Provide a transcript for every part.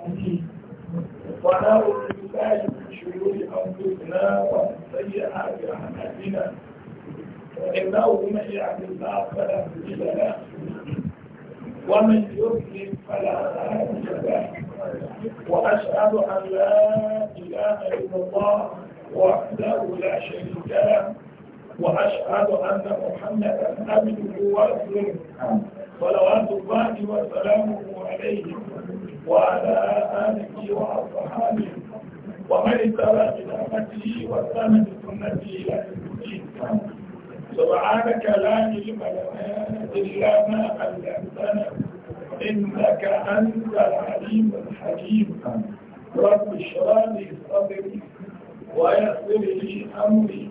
به ونعوذ بالله من شرور انفسنا ومن سيئات اعمالنا فانه من يهد الله فلا مضل له ومن يضلل فلا هادي له واشهد ان لا اله الا الله وحده لا شريك له واشهد ان محمدا عبده ورسوله صلوات الله وسلامه عليه وعلى آله وأصحابه ومن اتبع سنته وسلم بسنته إلى الدين سبحانك لا علم لنا إلا ما علمتنا إنك أنت العليم الحكيم رب اشرح لي صدري ويسر لي أمري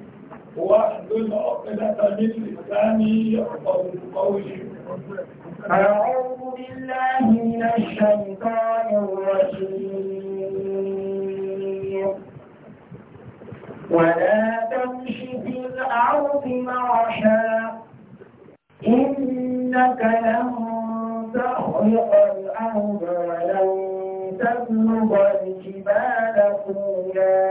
واحلل عقدة من لساني يفقه قولي أعوذ بالله من الشيطان الرجيم ولا تمش في الأرض مرحا إنك لن تخلق الأرض ولن تبلغ الجبال طولا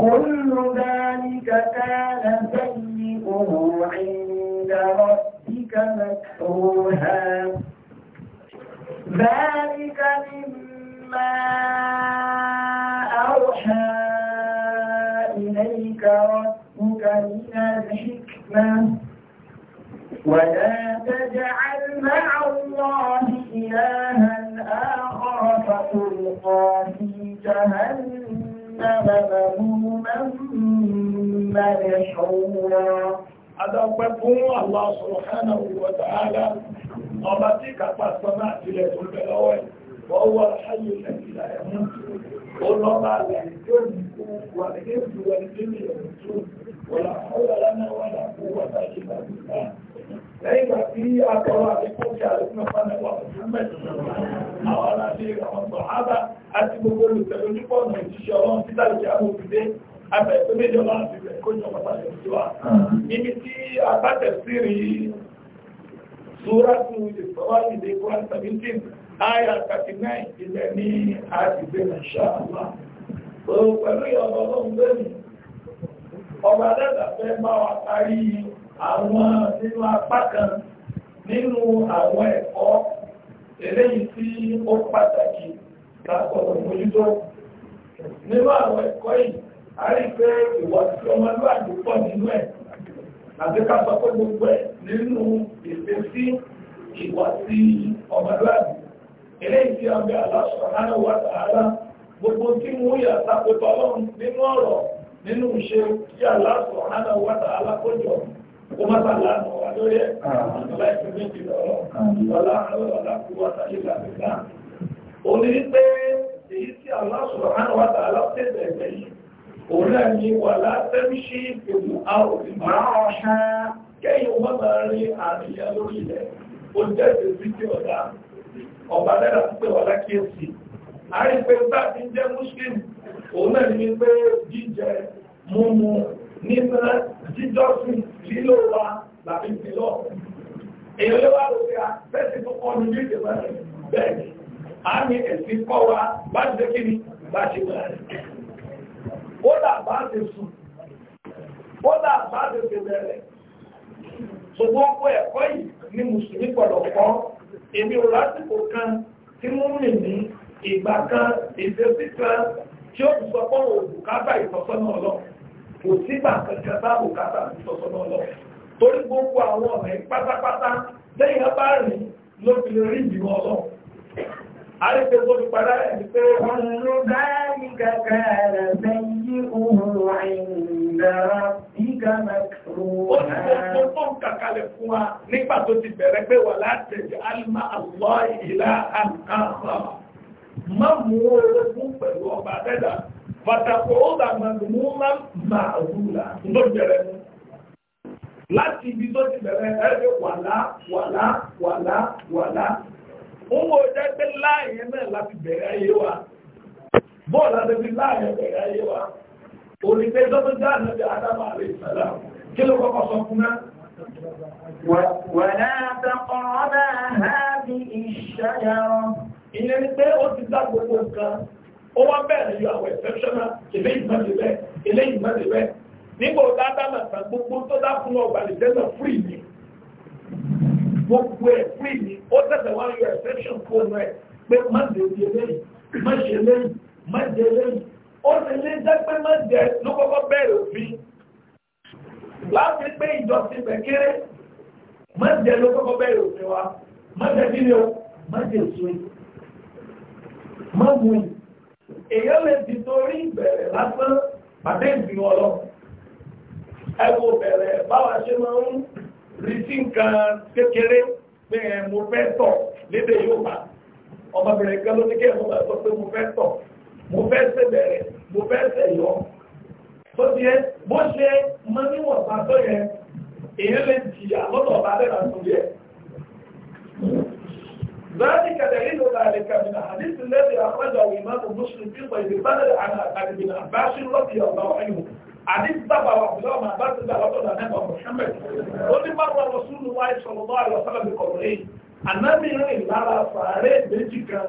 كل ذلك كان سيئه عند ربك مكروها ذلك مما أوحى إليك ربك من الحكمة ولا تجعل مع الله إلها آخر فتلقى في جهنم مذموما مدحورا adápẹ́ fún Allah subhanahu wa ta'ala ọba tí kàpá sọ́nà àtìlẹ̀ tó bẹ lọ́wọ́ ẹ̀ wọ́n wọ́n ṣáyé lẹ́gbìlá ẹ̀mú ó lọ́ba alẹ́ tó ní kú wà ní ètò wà ní nílé ẹ̀mú tó wọ́n là ń wọ́n lánà wọ́n là kú wà láti bá ti bá lẹ́yìn ìgbà tí a tọrọ àdékò tí a lè fún ọpá náà wà fún mẹ́tò àwọn aláṣẹ àwọn sọ̀hábà àti gbogbo olùtẹ̀lójúpọ̀ ọ̀nà ìṣiṣẹ́ ọlọ́run títàlùjẹ́ àwọn òfìdé abẹ́sẹ̀mẹ́jọba àti ìrẹ̀kọ́jọ pàtàkì ìjọba níbi tí àtàtẹ̀sírì súrátù ìsọ́wáyì lè kọ́ 17 ayà 39 ilẹ̀ ní àtìgbé nàìjíríà pẹ̀lú ìyọ̀bọ̀ lóhun lẹ́nu ọba dẹ́gbà fẹ́ bá wa parí àwọn nínú apá kan nínú àwọn ẹ̀kọ́ eléyìí tí ó pàtàkì lápọ̀lọ̀ mójútó nínú àwọn ẹ̀kọ́ yìí a rí pé ìwọ tí ọmọlúwàbí pọ̀ nínú ẹ̀ àti ká sọ pé gbogbo ẹ̀ nínú ìfẹ́sí ìwọ tí ọmọlúwàbí eléyìí tí ọbẹ̀ aláṣọ̀hánà wà tààlà gbogbo tí mú yà sàkótọ́ ọlọ́run nínú ọ̀rọ̀ nínú ìṣe tí aláṣọ̀hánà wà tààlà kójọ kó má bà lánàá wà lórí ẹ̀ àtúntò ẹ̀sìn méjì lọ́rọ̀ ọ̀la àwọn ọ̀la kú wà tààlà òlẹ́ni wà látẹ́mṣí ìpèmù àòrì máa ṣá kẹ́yìn mọ́bà rí àríyá lórí ilẹ̀ ó jẹ́sẹ̀ sí kí ọ̀dá ọba lẹ́ra pé ọ̀dá kíyèsí a rí pé báàbí jẹ́ muslim òlẹ́ni ní pé jíjẹ múmu nípa jíjọ́sìn lílò wa làbí ìpìlọ̀ kódà bá ti sùn kódà bá ti ti bẹ̀rẹ̀ ṣùgbọ́n kó ẹ̀kọ́ yìí ni mùsùlùmí gbọ́dọ̀ kọ́ èmi ò lásìkò kan tí mú mi ní ìgbà kan ìdẹ́sí kan tí ó sọ pé òun bùkátà ìtọ́sọ́nà ọlọ́run kò sígbà kankan bá bùkátà ìtọ́sọ́nà ọlọ́run torí gbogbo àwọn ọ̀rẹ́ pátápátá lẹ́yìn abáàrin ló fi lè rí ìdìmọ̀ ọlọ́run àríkẹ́ tó fi padà ẹni pé wọ́n ló dáàrí kàkà rẹ̀ lẹ́yí ohun àìyàndára bí kàmà kúrò náà. ó tó ń kàkalẹ̀ fún wa nígbà tó ti bẹ̀rẹ̀ pé wà látẹ̀jẹ̀ alìmọ̀ àwọ̀ ìlà àkàrà má mú orogún láti ibi tó ti bẹ̀rẹ̀ ẹ̀rẹ́ wàlá wàlá wàlá wàlá ń wo jẹ́ pé láàyè náà láti bẹ̀rẹ̀ ayé wa bọ́ọ̀lù láti fi láàyè bẹ̀rẹ̀ ayé wa olùgbé lọ́dún jẹ́ ànábì Ádámù alayhi salam kí ló kọ́kọ́ sọ fún náà وَلَا تَقْرَبَا هَٰذِهِ الشَّجَرَةَ Ìyẹn ni pé ó ti dá gbogbo nǹkan, ó wá bẹ̀rẹ̀ yọ gbogbo ẹ̀ pín ní ó tẹ̀sẹ̀ wá yọ exception fóònù ẹ̀ pé má dé di eléyìí má ṣe eléyìí má dé eléyìí ó sì lé jẹ́ pé má dé ló kọ́kọ́ bẹ̀rẹ̀ òfin láti pé ìjọsìn bẹ̀ kéré má dé ló kọ́kọ́ bẹ̀rẹ̀ òfin wa má dé kí ni o má dé èso yìí má mú yìí èèyàn lè ti torí ìbẹ̀rẹ̀ lásán pàdé ìgbìmọ̀ lọ ẹ wo bẹ̀rẹ̀ báwa ṣe máa ń retí nǹkan kékeré pé ẹ mo fẹ́ tọ̀ lédè Yorùbá ọmọbìnrin kan ló ní kí ẹ mo bá sọ pé mo fẹ́ tọ̀ mo fẹ́ sẹ̀bẹ̀rẹ̀ mo fẹ́ sẹ̀yọ́ tó ti ẹ bó ṣe mọ níwọ̀nba tó yẹ èèyàn lè jìyà lọ́nà ọba bẹ́ẹ̀ náà tó yẹ. ذلك دليل ذلك من الحديث الذي أخرجه الإمام مسلم في طيب البلد عن أبي بن عباس رضي الله عنه àdínkù bàbá wa bìlọ́ ọmọ àbá ti dàgbà tọ́lá náà bàbá Muhammad ó ní bá wà lọ́sùn wa ìṣọ̀rọ̀ bá àlọ́ sábà bí kọ̀ọ̀rọ̀ yìí ànábì rìn lára fàárẹ̀ méjì kan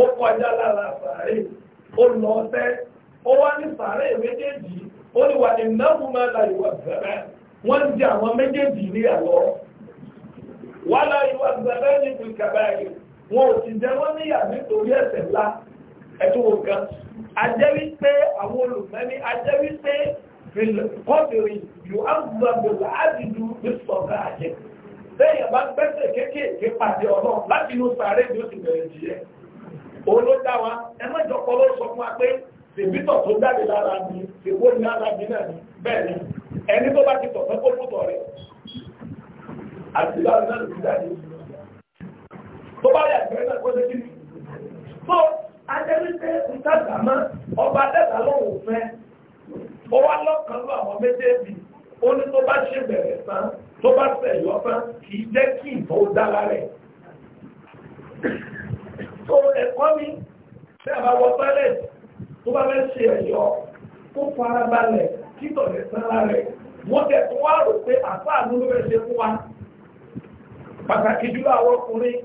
ó kọjá lára fàárẹ̀ ó lọ ọtẹ́ ó wá ní fàárẹ̀ méjèèjì ó ní wà ní náwó máa la ìwà bẹ̀rẹ̀ wọ́n ń jẹ àwọn méjèèjì ní àlọ́ wà la ìwà bẹ̀rẹ̀ ní kùkàbáyé wọn ò sì jẹ́ wọ́n ẹ̀tún nǹkan ajẹ́ wípé àwọn olùmẹ́ni ajẹ́ wípé kọ́bìnrin yóò ágbàgbà ábìdú nípọ̀ká àjẹ́ lẹ́yìn bá gbẹ́sẹ̀ kéékèèké pàdé ọlọ́run láti inú sàárè bí ó ti bẹ̀rẹ̀ jìyẹ olódáwa ẹmọ́jọ kọlọ́ sọ fún wa pé tèmítọ̀ tó jáde lára mi tèwó ní ara mi náà ni bẹ́ẹ̀ ni ẹni tó bá ti tọ̀ fẹ́ kó lùtọ̀ rẹ̀ àti láti náà lè jáde tó bá yà gbẹ́rẹ́ náà kó lè kí ni adẹ́wípé ìtàgbàmọ́ ọba dẹ́ta lóhùn fẹ́ ó wá lọ́kàn lọ àwọn méjèèjì ó ní tó bá ṣe bẹ̀rẹ̀ tán tó bá tẹ̀yọ́ tán kì í jẹ́ kí ìbọn ó dá lára ẹ̀. tó ẹ̀kọ́ mi tí a bá wọ tọ́lẹ̀ tó bá fẹ́ ṣe ẹ̀yọ́ kó farabalẹ̀ títọ̀ rẹ̀ tán lára ẹ̀ wọ́n tẹ̀ tó wá rò pé àfáà ló ló fẹ́ ṣe fún wa pàtàkì jùlọ àwọn ọkùnrin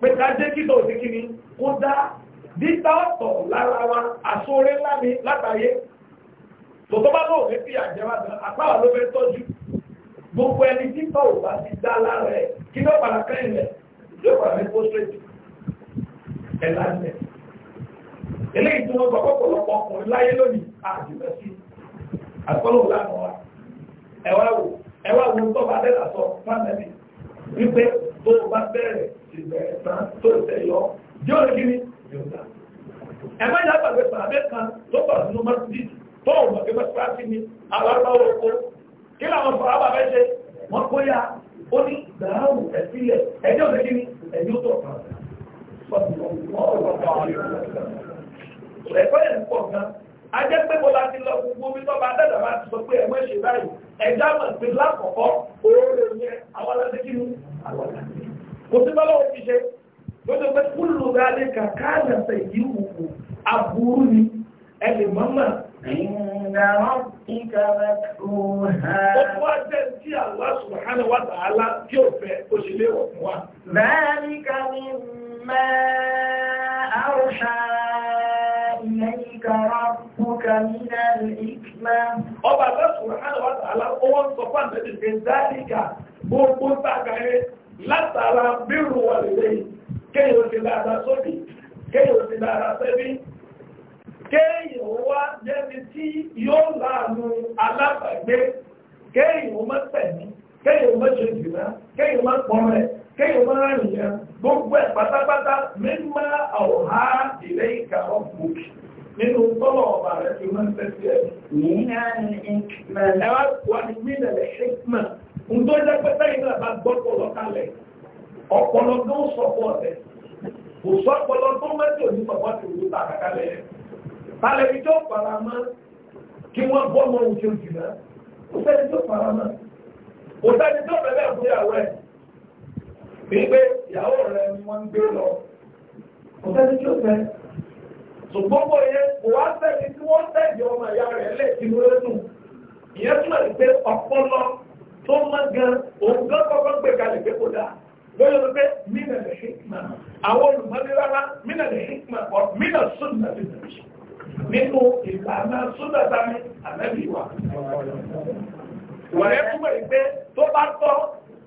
pé ká jẹ́ kí tòun ti kí ni kó dá dídátọ̀ lára wa àsóre ńlá ni látàyé tòtọ́ bá lóò fẹ́ fi àjẹwà gan apáwà ló fẹ́ tọ́jú gbogbo ẹni títọ́ ò bá ti dá lára ẹ̀ kí ló padà kẹ́yìn rẹ̀ yóò padà fẹ́ pósítrétì ẹ̀ lálẹ́ eléyìí tí wọ́n gbọ́ pọ̀pọ̀lọpọ̀ ọkùnrin láyé lónìí àjùmọ̀ sí àkọlù lánàá wa ẹ̀wá wò ẹ̀wá wò tó bá dẹ́là sọ fánẹ́lì wípé tó bá bẹ̀rẹ̀ ìbẹ̀rẹ̀ tán tó tẹ̀ yọ yóò rí kí ni ẹgbẹ́ ìyàgbàgbé pàdé kan ló pàdé ní masjid tó ọ̀gbà pé mọ́síláàtì ni alárúbáwọ̀ oko kí làwọn sọ̀rọ̀ àbà fẹ́ ṣe wọ́n kó yá ó ní ìdáhùn ẹ̀sílẹ̀ ẹjọ́ òṣèlú ni ẹ̀yìn ó tọ̀ kan ẹ̀kọ́ yẹn ń pọ̀ gan ajẹ́ pé mo láti lọ gbogbo mi tọ́ bá dẹ́dà máa ti sọ pé ẹ̀mọ́ ṣe báyìí ẹ̀dá mọ̀ pé lákọ̀ọ́kọ́ oore yẹn àwọn aláṣẹ́kí ni àwọn aláṣẹ́kí kò sí bá lọ́wọ́ fi ṣe lọ́dọ̀ pé kúlù dáadé kàkà ha. na Allah subhanahu wa ta'ala tí ó fẹ́ ó ṣe wa. Bẹ́ẹ̀ni ká ní mẹ́ àrùṣà إليك ربك من الحكمة. Ọba Allah subhanahu wa ta'ala kéyìn ó ti dáadáa sóbì kéyìn ó ti dáadáa sẹ́bí kéyìn ó wá jẹ́bi tí yóò láàánú alábàgbé kéyìn ó mọ́ pẹ̀lú kéyìn ó mọ́ ṣe jìnnà kéyìn ó mọ́ pọ́n rẹ̀ kéyìn ó mọ́ ránìyàn gbogbo ẹ̀ pátápátá mímọ́ ọ̀há ilé ìka ọ̀pọ̀kì nínú tọ́lọ̀ ọ̀bà rẹ̀ fi máa ń tẹ́sí ẹ̀. Nínú ìkìlẹ̀. Ẹ wá wà ní mílẹ̀ ẹ̀ṣẹ́ ọpọlọ tó ń sọpọ ọtẹ kò sọpọlọ tó mẹjọ ní bàbá tó ń ta àkàkálẹ yẹn balẹ̀ ìjọ fara mọ́ kí wọ́n bọ́ ọmọ òun ṣe jù náà kò sẹ́ni tó fara mọ́ kò sẹ́ni tó bẹ̀rẹ̀ àbúyàwó ẹ̀ gbígbé ìyàwó rẹ̀ ni wọ́n ń gbé lọ kò sẹ́ni tó fẹ́ ṣùgbọ́n bó yẹ kò wá sẹ́ni tí wọ́n tẹ̀jọ ọmọ ìyá rẹ̀ lẹ̀ kí ló lẹ́nu ìyẹn túmọ̀ sí pé ọpọlọ tó mọ́ gan òun gan kọ́kọ́ gbé kalẹ̀ pé kò dáa lórí wípé mínà lè hikma àwọn olùmọ́lérárá mínà lè hikma ọ̀ mínà súnà lè nàbí nínú ìlànà súnà dání ànábì wa. wọ̀nyẹ́ túmọ̀ wípé tó bá tọ́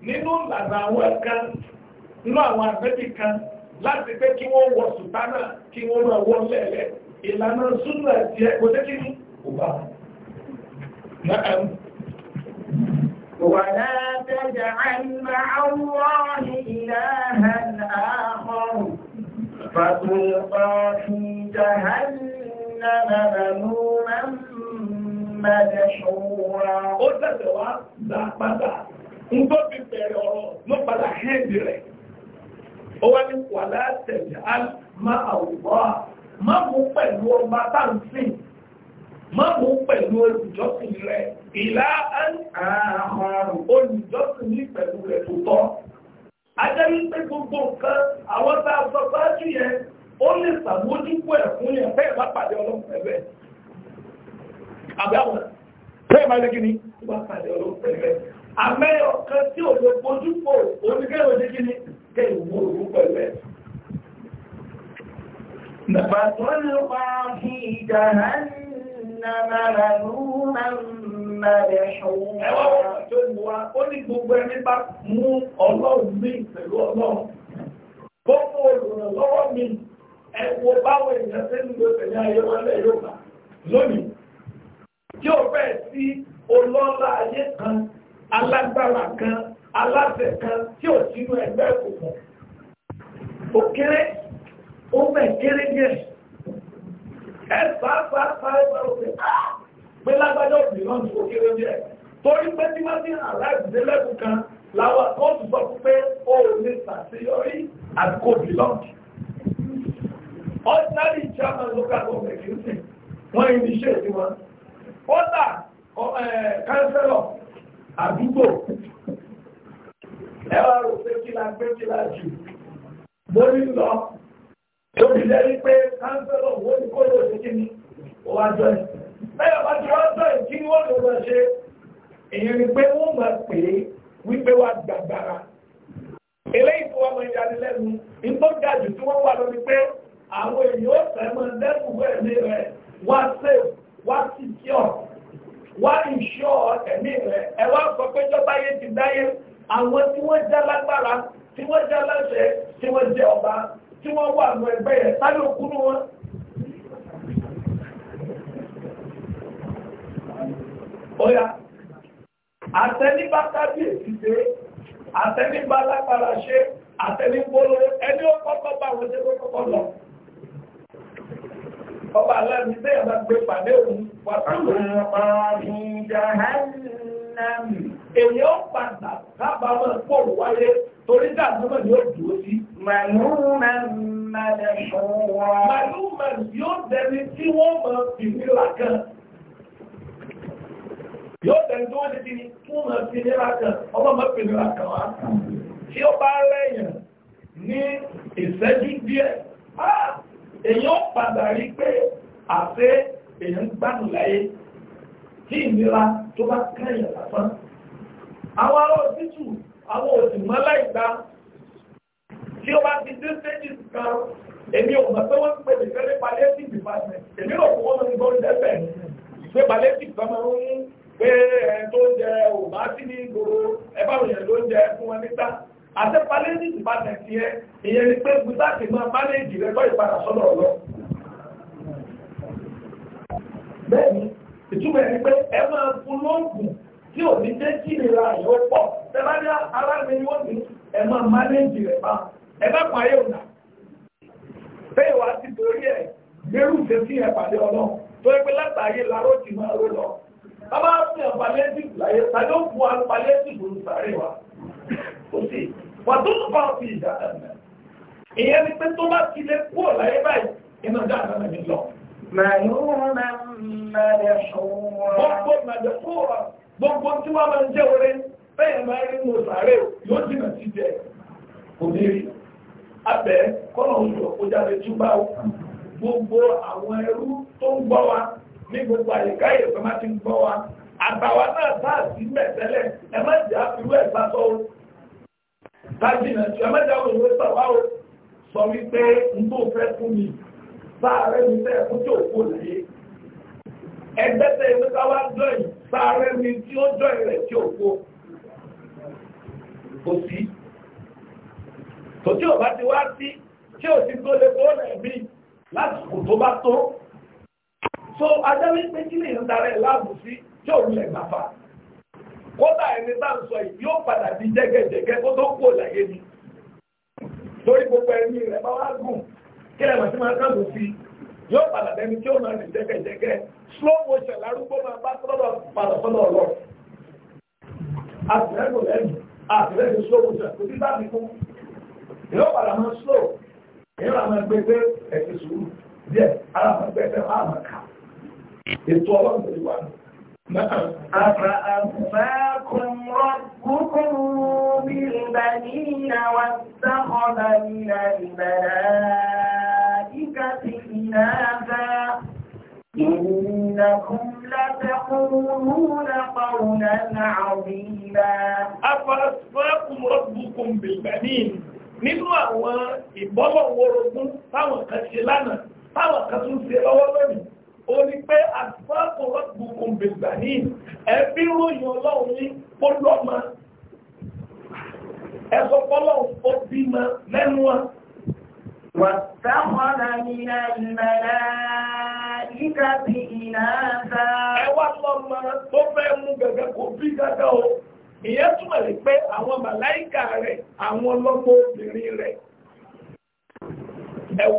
nínú ìlànà àwọn kan nínú àwọn ànábì kan láti pé kí wọ́n wọ sùtánà kí wọ́n máa wọ lẹ́lẹ̀ ìlànà súnà tiẹ̀ kò tẹ́kí ní kò bá. ولا تجعل الله إلها آخر فتلقى جهنم ملوما مدحورا ó tẹ̀sẹ̀ wá gbà padà ń tó fi bẹ̀rẹ̀ ọ̀rọ̀ ló padà hẹ́ndì rẹ̀ ó wá ní wà látẹ̀jẹ̀ alma àwùbọ́ má mú pẹ̀lú ọba táǹsìn má mú pẹ̀lú olùjọ́sìn rẹ̀ ìlà àhàrùn olùjọ́sìn ní pẹ̀lú rẹ̀ tó tọ́. Ajẹ́rí pé gbogbo nǹkan àwọn tá a sọ sáájú yẹn, ó lè sàmójúkú ẹ̀ fún yẹn bẹ́ẹ̀ bá pàdé ọlọ́run ẹ̀bẹ̀. Àbẹ́wọ̀n, bẹ́ẹ̀ máa lé kí ni? Ó bá pàdé ọlọ́run ẹ̀bẹ̀. Nàbàtọ́ ni fi ìjà náà ń nàmàrà lóhùn mẹ́rẹ̀ẹ́ṣọ́wọ́. Ẹwọ́n tó mú wa, ó ní gbogbo ẹni bá mú ọlọ́run ní pẹ̀lú ọlọ́run. Gbogbo olùrànlọ́wọ́ mi, ẹwọ báwọn èèyàn tẹ́ ń lo tẹ̀lé ayé wọlé Yorùbá lónìí. Tí ó fẹ́ sí olọ́lá ayé kan, alágbára kan, aláṣẹ kan tí ò sínú ẹgbẹ́ òkùnkùn. Ó kéré, ó mẹ̀ kéré díẹ̀ pé lágbájọ́ òbí náà ní òkèrè díẹ̀ torí pé tí wọ́n ti àláìsídé lẹ́kùn kan láwọn kóòtù sọ pé ó lè ṣàṣeyọrí àti kò bí lọ́ọ̀kì ordinary chairman local government kì í sìn wọ́n yìí ní ṣe èdè wọn kódà kánsẹ́lọ̀ àdúgbò ẹ wá rò pé kí la gbé kí la jù mórí lọ tóbi lẹ́yìn pé kánsẹ́lọ̀ wọ́n ní kó lóòjì kí ni ó wá jọ ẹ̀. Bẹ́ẹ̀ bá ti wá bẹ́ẹ̀ tí wọ́n lè lọ ṣe, èyí ni pé wọ́n máa pè é wípé wá gbàgbára. Eléyìí tó wà máa yarí lẹ́nu, ìtọ́ ga jù tí wọ́n wà lọ ni pé àwọn secure, wá insure ẹ̀mí rẹ̀. Ẹ wá sọ pé jọba yé ti dáyé àwọn tí wọ́n já lágbára, tí wọ́n já láṣẹ, tí wọ́n jẹ ọba, tí wọ́n wà nù ẹgbẹ́ yẹn, sáré òkú wọn. Ọya, àtẹnibá kábíyèsí pé, àtẹnibá lágbára ṣe, àtẹnibóló, ẹni ó kọ́kọ́ bá wọn ṣe kọ́kọ́ lọ. Ọba aláàmì bẹ́ẹ̀ bá gbé pàdé òun wà tó lórí ọ̀pá ìjà hánàmì. Èyí ó padà kábàámọ̀ pòrò wáyé torí dáàbùmọ̀ ni ó dùn ó sí. Màlúmẹ̀ mẹ́lẹ̀ tí wọ́n mọ̀ ìnira kan yóò tẹ̀lé tó wọ́n ti ní fún ọmọ sí nira kan ọlọ́mọ pè nira kan wá tí ó bá rẹ̀yàn ní ìṣẹ́jú díẹ̀ èyàn padà rí pé àṣẹ èyàn gbádùn láyé tí ìnira tó bá kẹ́yàn lásán àwọn ará òtítù àwọn òsì mọ́lá ìgbà tí ó bá ti dé stages kan èmi ò mọ̀ pé wọ́n ń pè mí fẹ́rẹ́ palliative department èmi rò fún wọn ní bọ́ọ̀lù pé ẹn tó jẹ ò sí ní ìgboro ẹbáwọn èèyàn ló ń jẹ fún wọn níta àti si ẹ ìyẹn ni pé máa padà sọ́dọ̀ ọ̀lọ́ bẹ́ẹ̀ni ìtumọ̀ ẹni pé ẹ máa fún lóògùn tí ò ní jẹ́ kí ìlera yóò pọ̀ tẹ́lá ní ní ẹ máa rẹ pa ẹ bá bẹ́ẹ̀ wá sí torí gbérù ṣe sí ọlọ́run tó ẹgbẹ́ lọ bàbá fi hàn palliative láyé tàbí ó bu àwọn palliative ń sáré wa kò sí wà tó tó bá fi ìjà ẹ̀mẹ́ ìyẹn ni pé tó bá ti lè kúrò láyé báyìí iná dá àná mi lọ. màlúùmá màdàkúrà. gbogbo màdàkúrà gbogbo tí wọ́n máa ń jẹ́ orí bẹ́ẹ̀ máa rí mo sáré yóò jìnà sí jẹ kò ní rí abẹ́ kọ́nà oṣù ọ̀kọ́jáde tún bá gbogbo àwọn ẹrú tó ń gbọ́ wa ní gbogbo àyíká ìyẹ̀fẹ́ máa ti ń gbọ́ wa àtàwa náà sáà sí mẹ́tẹ́lẹ̀ ẹ má jà irú ẹ̀ sásọ́ o tájìnà tí ẹ má jà òun ìwé sàwá o sọ wípé n tó fẹ́ fún mi sáàrẹ́ mi tẹ́ fún tí òkú láyé ẹgbẹ́ tẹ ìwé sáwá sáàrẹ́ mi tí ó jọyìn rẹ̀ tí òkú kò sí tòtí ò bá ti wá sí tí ò sí tó lè rẹ̀ bí lásìkò tó bá tó so ajá wípé kí lè ń darẹ̀ láàbù sí tí òun lẹ̀ gbàfà kódà ẹni bá ń sọ yìí yóò padà di jẹ́gẹ́jẹ́gẹ́ kó tó kó láyé ni torí gbogbo ẹni rẹ̀ bá wá gùn kí lè màtí máa kàn sí yóò padà dẹni tí ó máa di jẹ́gẹ́jẹ́gẹ́ slow motion lárúgbó máa bá tọ́lọ̀ padà sọ́dọ̀ ọ̀lọ́ àtìlẹ́gùn lẹ́nu àtìlẹ́gùn slow motion kò sí sáàbì fún yóò padà máa slow yóò máa gbé pé ẹ̀sìn sùúrù díẹ̀ alámọ̀gbẹ́fẹ́ máa máa kà á ètò ọlọ́run pẹ̀lú wa nù. أفأصفاكم ربكم بالبنين واتخذ من الملائكة إناثا إنكم لتقولون قولا عظيما أفأصفاكم ربكم بالبنين nínú àwọn ìbọ́lọ̀wọ́rogún táwọn kan ṣe lánàá táwọn kan tún ṣe lọ́wọ́ lónìí ó ní pé àtìfáàkò rọ́gbùkún ní ẹbí ròyìn ọlọ́run ní ẹ̀sọ́ pọ́lọ́run ó wa. Ẹwà lọ́mọ tó fẹ́ mú kò bí gẹ́gẹ́ o.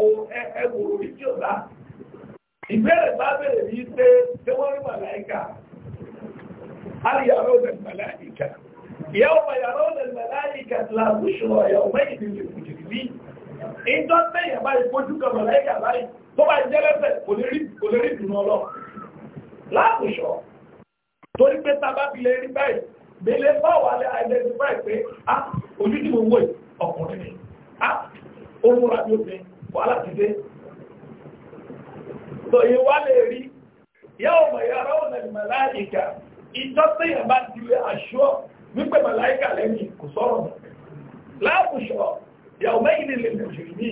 ìbéèrè bá bèèrè yí pé tí wọ́n rí màláìkà alìyàrá òbẹ̀ màláìkà ìyàwó yàrá òbẹ̀ màláìkà làbúṣọ ìyàwó mẹ́yìn ní ìlú ìjọ tẹ́yìn bá ìfojú kan màláìkà báyìí tó bá jẹ́ lẹ́sẹ̀ kò lè rí dùnú ọlọ́ lábùṣọ torí pé tá a bá fi lè rí báyìí bèlè bá wà lẹ́ àìdẹ́sífà pé a ah, ojú tí mo wọ̀ a ah, ó múra bí ó fi tó yí wá lè rí yóò mọ̀ yàrá ọ̀nà màláìkà ìjọ téèyàn bá di aṣọ wípé màláìkà lẹ́yìn kò sọ̀rọ̀ mọ̀ láàbùṣọ yàwó mẹ́yìn lè lè jù ní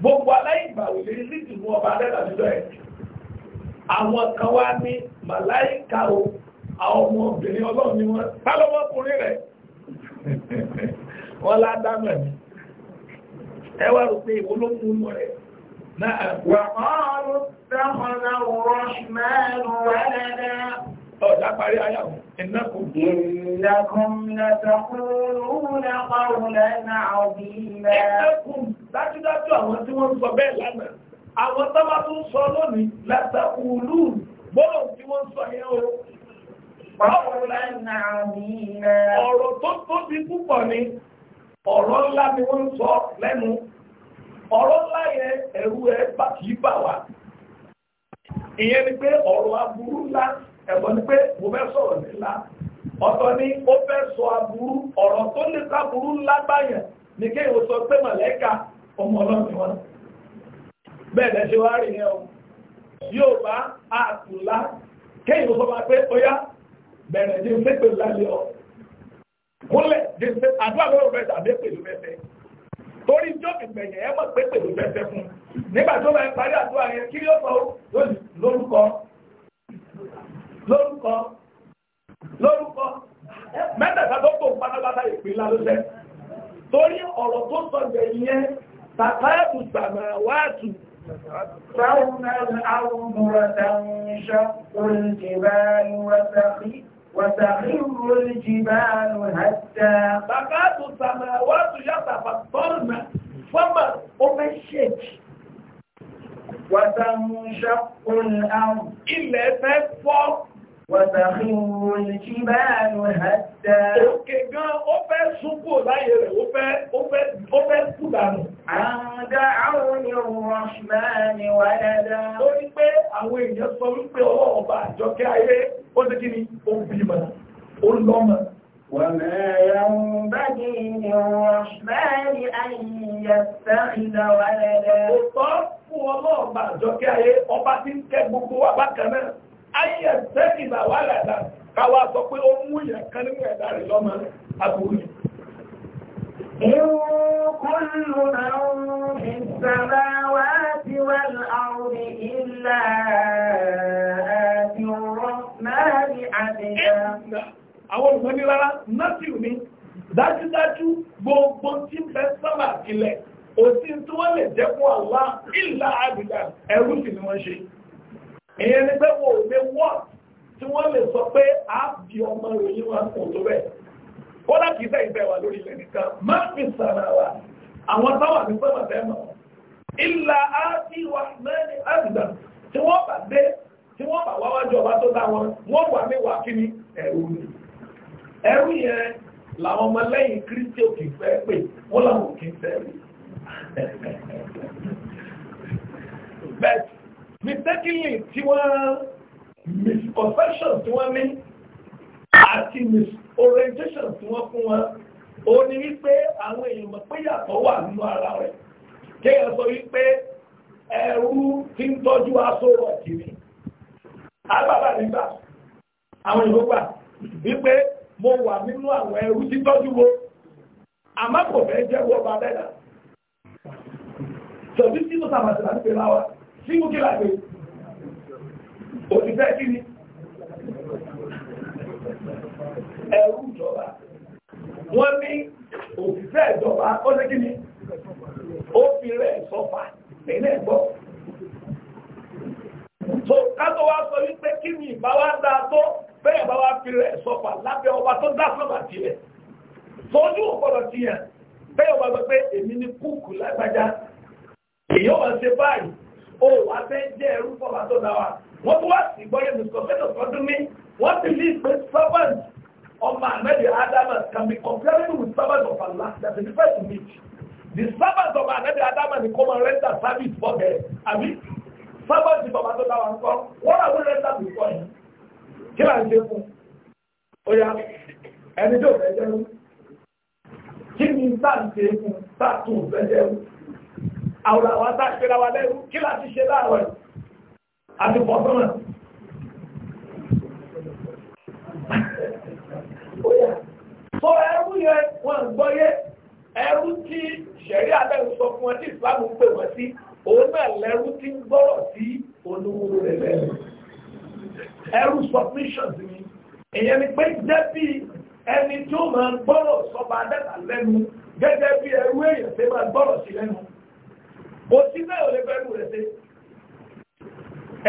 gbogbo aláìgbà òlè nídìmú ọba adẹ́dà nílò ẹ̀ àwọn kan wá ní màláìkà o àwọn ọmọbìnrin ọlọ́run ni wọ́n pálọ́mọkùnrin rẹ̀ wọ́n ládámẹ̀ ni ẹ wá rò pé ìwọ ló mú mọ́ rẹ̀ وقالوا اتخذ الرحمن ولدا أولا آية إنكم إنكم لتقولون قولا عظيما إنكم dájúdájú àwọn tí wọ́n sọ bẹ́ẹ̀ lánàá àwọn tọ́bá tó ń sọ lónìí látàkùlù gbọ́nà tí wọ́n sọ yẹn o ọ̀rọ̀ tó tóbi púpọ̀ ni ọ̀rọ̀ ńlá ni wọ́n sọ lẹ́nu ọ̀rọ̀ ńlá yẹn ẹ̀rù ẹ̀ bá kìí bà wá ìyẹn ni pé ọ̀rọ̀ aburú ńlá ẹ̀gbọ́n ni pé mo fẹ́ sọ̀rọ̀ nílá ọ̀tọ̀ ni ó fẹ́ sọ aburú ọ̀rọ̀ tó lè sáburú ńlá báyẹn ni kéèyàn sọ pé mọ̀lẹ́ka ọmọ ọlọ́run wọn bẹ́ẹ̀ lẹ́ṣẹ̀ wá rí yẹn o yóò bá àtùlá kéèyàn sọ pé ó bẹ̀rẹ̀ dín fẹ́ pẹ̀lú lálẹ́ ọ kúnlẹ̀ dín fẹ́ àdúrà lọ́rọ̀ torí jọ́ ìgbẹ̀yẹ̀ ẹ mọ̀ pé pẹ̀lú tẹ́tẹ́ fún nígbà tó bá ń parí àdúrà yẹn kí yóò sọ lórúkọ lórúkọ lórúkọ mẹ́tẹ̀ẹ̀ta tó tó pátápátá ìpínlá ló jẹ́ torí ọ̀rọ̀ tó sọ gbẹ̀yìn tàkàtù sàmàwàtù Sáwọn àwọn ọmọ rẹ̀ tàwọn ìṣàkóyìn ìbáyé rẹ̀ tàbí وتخر الجبال هدا فقد السماوات يتفطرن فما أمشيت وتنشق الأرض إلا تكفر وتخر الجبال هدا òkè gan ó fẹ́ súnkù láyé rẹ̀ ó fẹ́ ó fẹ́ ó fẹ́ kú dànù. àǹdà àwọn ìrọ̀ṣùmáàni wà dáadáa. ó ní pé àwọn èèyàn sọ wípé ọwọ́ ọba àjọkẹ́ ayé ó ti kí ni ó bímọ ó ó tọ́ fún ọlọ́ọ̀bà àjọkẹ́ ń kẹ́ ayé bá wà lẹ́dà káwà sọ pé ó mú yẹn kan nínú ẹ̀dá rẹ̀ lọ́mọ àbúrú àwọn olùgbọ́n ní rárá nọ́tìl ní dájúdájú gbogbo tí bẹ sọ́mà ilẹ̀ òsì tí wọ́n lè jẹ́ fún ìlà ni wọ́n ṣe ìyẹn ni pé wò lè wọ́ tí wọ́n lè sọ pé a bí ọmọ ìròyìn wa kò tó bẹ́ẹ̀ ó láti ìfẹ́ ìfẹ́ wà lórí ilẹ̀ nìkan má fi sàrà wa àwọn táwọn àti sọ́mọ̀ fẹ́ mọ̀ ìlà á ti wà mẹ́rin àgbà tí wọ́n bà dé tí wọ́n bà wá wájú ọba tó dá wọn wọ́n wà ní wà kí ni ẹ̀rù ni ẹ̀rù yẹn làwọn ọmọlẹ́yìn Kristi òkè fẹ́ pè wọ́n làwọn òkè fẹ́ rí mistakenly tí wọ́n misconception tí wọ́n ní àti misorientation tí wọ́n fún wọn ó ní wípé àwọn èèyàn mọ̀ pé yàtọ̀ wà nínú ara rẹ̀ kéèyàn sọ wípé ẹrú tí ń tọ́jú aṣọ rọ̀ kiri alábàbà nígbà àwọn èèyàn gbà wípé mo wà nínú àwọn ẹrú tí tọ́jú wo àmọ́ kò fẹ́ jẹ́wọ́ bàbẹ́dà sọ̀bí tí tó sàmàtì láti pè láwa sí mú kí láti òtítẹ́ kí ni ẹ̀rù ìjọba wọ́n ní òtítẹ́ ìjọba ó lé kí ni ó fi rẹ̀ sọ́fà pẹ̀lẹ́ ẹ̀gbọ́ so kátó wá sọ wípé kí ni ìbá wá dá tó bẹ́ẹ̀ bá wá fi rẹ̀ sọ́fà lábẹ́ ọba tó dá sọ́fà tiẹ̀ tójú ọ̀pọ̀lọ̀ tiẹ̀ bẹ́ẹ̀ wá gbọ́ pé èmi ni kúùkù lágbájá èyí ó ṣe báyìí ó wà fẹ́ jẹ́ ẹrú fọ́bà tó dáwà wọ́n tó wá sí gbọ́rẹ̀ mùsùlùmí ọdún mi wọ́n ti lè pé servant ọmọ àmẹ́lì adama can be compared with servant of Allah that is different to me the servant of àmẹ́lì adama ni kó máa render service for them àbí servant bàbá tó dáwà ńkọ́ wọ́n àwọn render before him kí là ń ṣe fún ó yá ẹni tó fẹ́ jẹ́rú kí ni sáà ń ṣe fún sáà tó fẹ́ jẹ́rú àwọn àwọn àtàkìlá wà lẹ́rú kí láti ṣe láàrẹ̀ àti pọ̀tọ́nà tó ẹrú yẹ wọn gbọ́yé ẹrú tí ṣẹ̀rí abẹ́rù sọ fún wọn tí ìsìlámù ń pè wọ́n sí òun náà lẹ́rú tí ń gbọ́rọ̀ sí ni pé jẹ́ bí ẹni tó máa gbọ́rọ̀ sọba adẹ́ta lẹ́nu gẹ́gẹ́ bí ẹrú èèyàn tó máa gbọ́rọ̀ sí lẹ́nu kò sí náà ò lè fẹ́ ẹrù rẹ̀ sí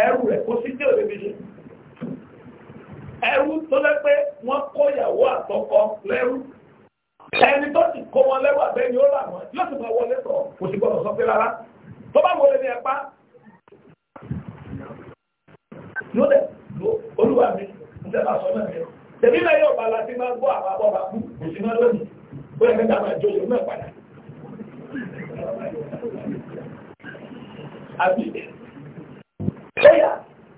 ẹrù rẹ̀ kò sí tí ò lè fi ṣe ẹrù tó lẹ́ pé wọ́n kó ìyàwó àtọkọ lẹ́rù ẹni tó sì kó wọn lẹ́rù àbẹ́ni ó rà wọ́n yóò sì máa wọlé sọ kò sì gbọ́dọ̀ sọ pé rárá tó bá wọlé ní ẹ̀pá yóò dẹ̀ olúwa mi ń tẹ́ bá sọ náà mi tẹ̀bí náà yóò bá láti máa gbọ́ àbábọ́ bá kú kò sí náà lónìí ó yẹ máa jó ìlú náà padà àbí ẹ̀yà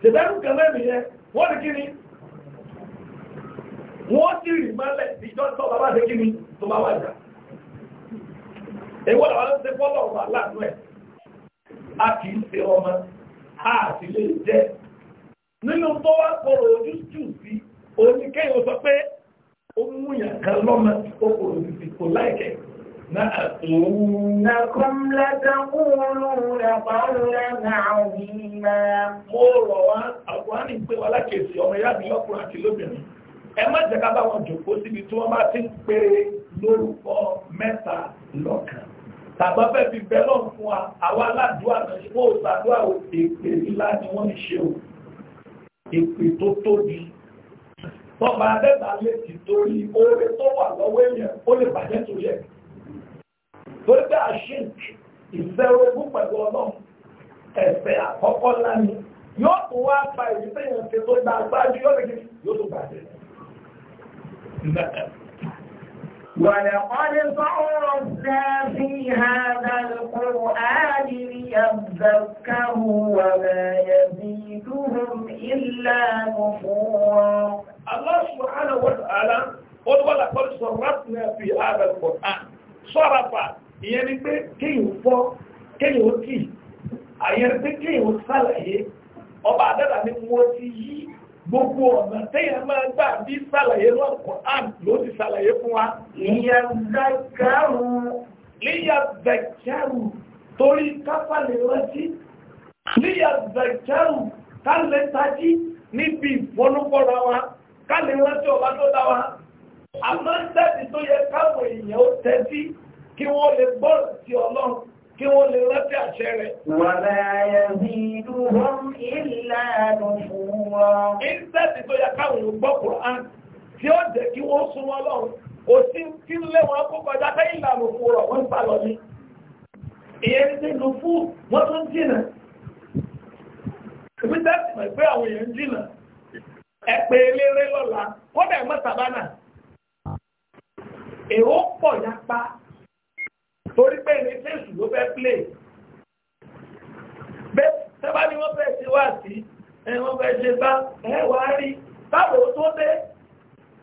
ṣẹ̀dánù kẹlẹ́ mi yẹn wọ́n ti kíni wọ́n ti rì mọ́lẹ̀ ìjọ tó bàbá ṣe kíni tó bá wájà èwọ́n àwọn ṣe fọ́lọ̀ wà láàánú ẹ̀ a kì í ṣe ọmọ a sì lè jẹ́ nínú tó wá kọ̀rọ̀ ojú jù sí oníkẹ́yìn sọ pé ó mú yàn kan lọ́mọ ó kọ̀rọ̀ ojú sí kò láìkẹ́ إنكم لتقولون قولا عظيما mo rọ̀ wá àkùrán ní pé ọlákèsì ọmọ ìyá mi lọ́kùnrin àti lóbìnrin ẹ má jẹ́ ká bá wọn jòkó síbi tí wọ́n bá ti ń pè lórúkọ mẹ́ta lọ́kan tàbá fẹ́ fi bẹ́lọ̀ fún wa àwa aládùúwà náà ṣe kó èpè ńlá ni wọ́n ń ṣe o èpè tó tóbi tọ́ba adẹ́ta lè ti torí oore tó wà lọ́wọ́ torí pé àṣìk ìfẹ́ ogún pẹ̀lú ọlọ́run ẹ̀fẹ́ àkọ́kọ́ ńlá ni yóò tún wá pa èyí tẹ̀yàn tó gba agbájú yóò lè kí yóò tún bàjẹ́. ولقد صعرنا في هذا القرآن ليذكروا وما يزيدهم إلا نفورا الله ìyẹn ni pé kéyìn fọ́ kéyìn ó tì àyẹn pé kéyìn ó sàlàyé ọba àdẹ́dà ni mo ti yí gbogbo ọ̀nà téèyàn máa gbà bí sàlàyé lọ́kọ̀ àn ló ti sàlàyé fún wa. ìyàgbẹ́kẹ̀rù líyàgbẹ́kẹ̀rù torí káfàlẹ̀ rántí líyàgbẹ́kẹ̀rù kálẹ̀ tají níbi ìfọ́núfọ́ra wa kálẹ̀ rántí ọba tó dá wa. àmọ́ tẹ́tí tó yẹ káwọn èèyàn ó tẹ́tí kí wọ́n lè gbọ́rọ̀ sí ọlọ́run kí wọ́n lè rántí àṣẹ rẹ̀. Wàlá ẹ̀rí ìlú wọn ìlànà fún wọn. Ìsẹ́ẹ̀tì tó yẹ káwọn gbọ́ Kùrán tí ó jẹ́ kí wọ́n súnmọ́ lọ́run, ò sí kí ń lé wọn kó kọjá pé ìlànà fún rọ̀ wọ́n àwọn èèyàn jìnà. Ẹ eléré lọ́la, kọ́dà mọ́ sàbánà. Èrò pọ̀ yapa torí pé ní jésù ló fẹ́ plé bẹ́ẹ̀ tẹ́bá ni wọ́n fẹ́ ṣe wá sí ẹ wọ́n fẹ́ ṣe bá ẹ wá rí táwọn ò tó dé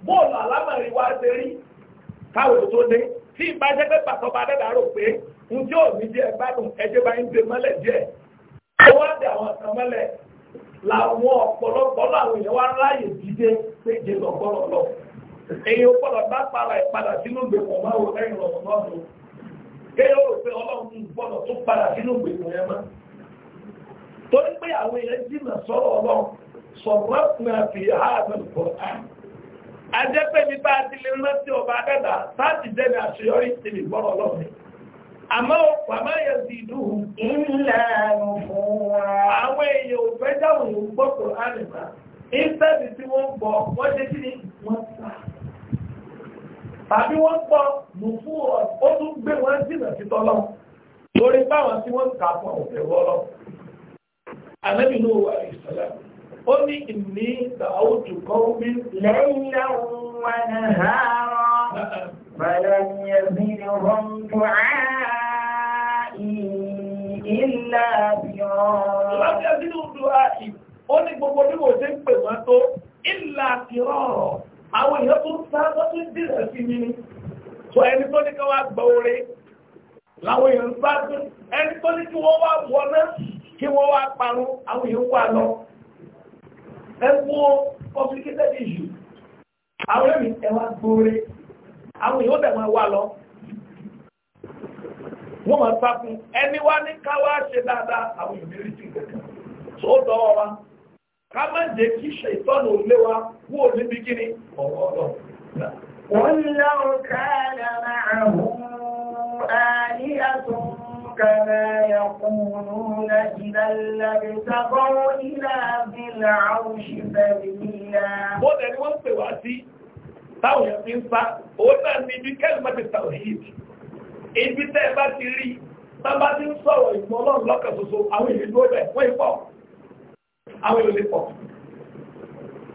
bóòlù alámọ̀rin wá ṣe rí táwọn ò tó dé tí ìbá jẹ́ pé pàtó bá dẹ́gbà rò pé ń tí ò ní jẹ́ gbádùn ẹjẹ́ bá ń gbé mọ́lẹ̀ díẹ̀ ó wá dé àwọn kan mọ́lẹ̀ làwọn ọ̀pọ̀lọpọ̀ làwọn èèyàn wá ráyè dídé pé jẹ́ lọ́gbọ́rọ̀ lọ èyí bá para ìpadà sínú ìgbèkùn máa wọ lẹ́yìn lọ́wọ́ ké yóò rò pé ọlọ́run tún gbọ́dọ̀ tó padà sínú gbèsè yẹn mọ́ torí pé àwọn èèyàn jìnnà sọ̀rọ̀ ọlọ́run sọ̀rọ̀ náà fi ààbẹ̀ kọ̀ ajẹ́pẹ́ mi bá ti lè rántí ọba dẹ́dà láti jẹ́ ní àṣeyọrí ti lè gbọ́rọ̀ lọ́wọ́ àmọ́ pàmò yẹn ti dùn ún. ilẹ̀ ẹ̀rù fún tàbí wọ́n pọ̀ mú fún ọ ó tún gbé wọn jìnà sí tọ́lọ́ lórí báwọn tí wọ́n kà fún òfin wọ́lọ́ ànábì ní owó àìsàlá ó ní ìní ìdàwó tù kọ́ mi. lẹ́yìn àwọn wọn náà rọ bàlẹ̀ yẹn bí wọ́n tó ààyè ìlà àbíọ̀rọ̀. Lábẹ́ àbínú dùn àì, ó ní gbogbo bí mo ṣe ń pè wọ́n tó, ìlà àbíọ̀rọ̀. àwọn èèyàn tó sáàtọ́ tó dìsẹ̀ sí mi ní ẹni tó ní káwà gbọ́ orí láwọn èèyàn tó ẹni tó ní kí wọ́n wá wọná kí wọ́n wá parun àwọn èèyàn wà lọ ẹgbọ́ complicated issue àwọn èmi ẹwà gbọ́ orí àwọn èèyàn dẹ̀ máa wà lọ wọ́n máa sá fún ẹni wá ní káwà ṣe dáadáa àwọn èèyàn mérí ká má jẹ́ kí ṣe ìtọ́nà òlé wa wó níbi kíni ọ̀rọ̀ ọ̀rọ̀. wọ́n كما يقولون إذا لابتغوا إلى ذي العرش سبيلا. wọ́n dẹ̀ ni wọ́n pè wá sí táwọn èèyàn fi ń fa òun náà ní ibi kẹ́lùmọ́ ti tàwọn yìí ibi tẹ́ bá ti rí tábà ti ń sọ̀rọ̀ ìmọ̀ ọlọ́run àwọn èèyàn ló ìpọ̀. àwọn èlò lè pọ̀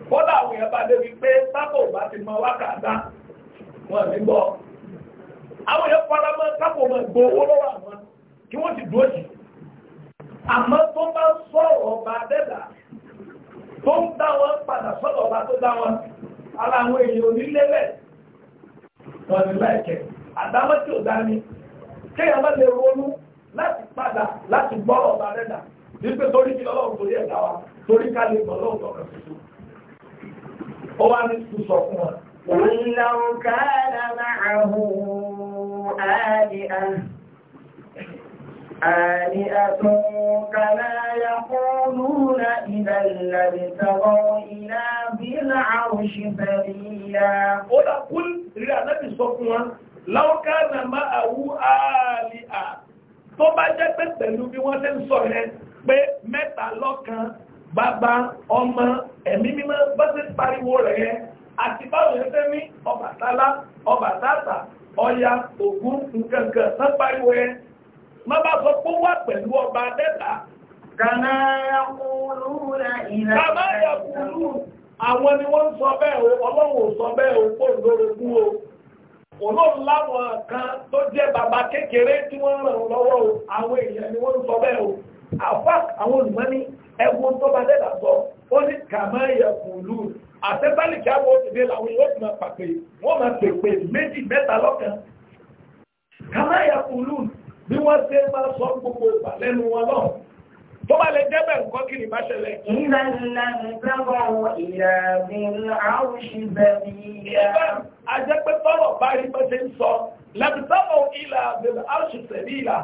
kódà àwọn èèyàn bá pé sábò bá ti mọ wákàtá wọn ní gbọ́ àwọn fara mọ́ sábò mọ́ gbowó lọ́wọ́ àwọn kí wọ́n ti jì àmọ́ tó bá sọ̀rọ̀ ọba dẹ́dà tó ń dá wọn padà sọ̀rọ̀ ọba tó dá wọn ara àwọn èèyàn onílélẹ̀ wọn ni láìkẹ́ àdámọ́ tí ò dání kéèyàn má lè ronú láti padà láti gbọ́rọ̀ wípé torí kí lọ́lọ́run torí ẹ̀dá wa torí ká lè mọ̀ lọ́wọ́ tọkàn tuntun. ó wá ní kú sọ fún wa. لو كان معه آلئة آلئة كما يقولون إذا لابتغوا إلى ذي العرش سبيلا قل قل لأنك صفوا لو كان معه آلئة tó bá jẹ́ pé pẹ̀lú bí wọ́n ṣe ń sọ yẹn pé mẹ́ta lọ́kan bàbá ọmọ ẹ̀mí mímọ́ bá ti pariwo rẹ̀ yẹn àti báwo yẹn fẹ́ ní Ọbàtálá Ọbàtátà Ọya Ògún nkankan tán pariwo yẹn má bá sọ pé wà pẹ̀lú ọba dẹ́ta. kàmá yakulu na ìlànà kàmá yakulu àwọn ni wọ́n sọ bẹ́ẹ̀ o ọlọ́run sọ bẹ́ẹ̀ o kó lórogún o olóòrùn láwọn kan tó jẹ́ bàbá kékeré tí wọ́n ràn lọ́wọ́ o àwọn èèyàn ni wọ́n sọ bẹ́ẹ̀ o àfáà àwọn olùmọ́ni ẹgbùn tó bá dẹ́dà sọ ó ní kàmáyà kùlù àtẹ́bálì àwọn òṣèlú ti máa pàpè wọ́n máa pèpè méjì mẹ́ta lọ́kàn kàmáyà kùlù bí wọ́n ṣe máa sọ gbogbo ìgbà lẹ́nu wọn náà tó bá lè dẹ́bẹ̀ nǹkan kí ni bá ṣẹlẹ̀. ìlà ìlà ìtẹ́wọ̀ ìlà ìlà àwùjọ bẹ̀rẹ̀. ajẹ́pẹ́ tọ́lọ̀ bá rí bá ṣe ń sọ lẹ́bìtọ́lọ̀ ìlà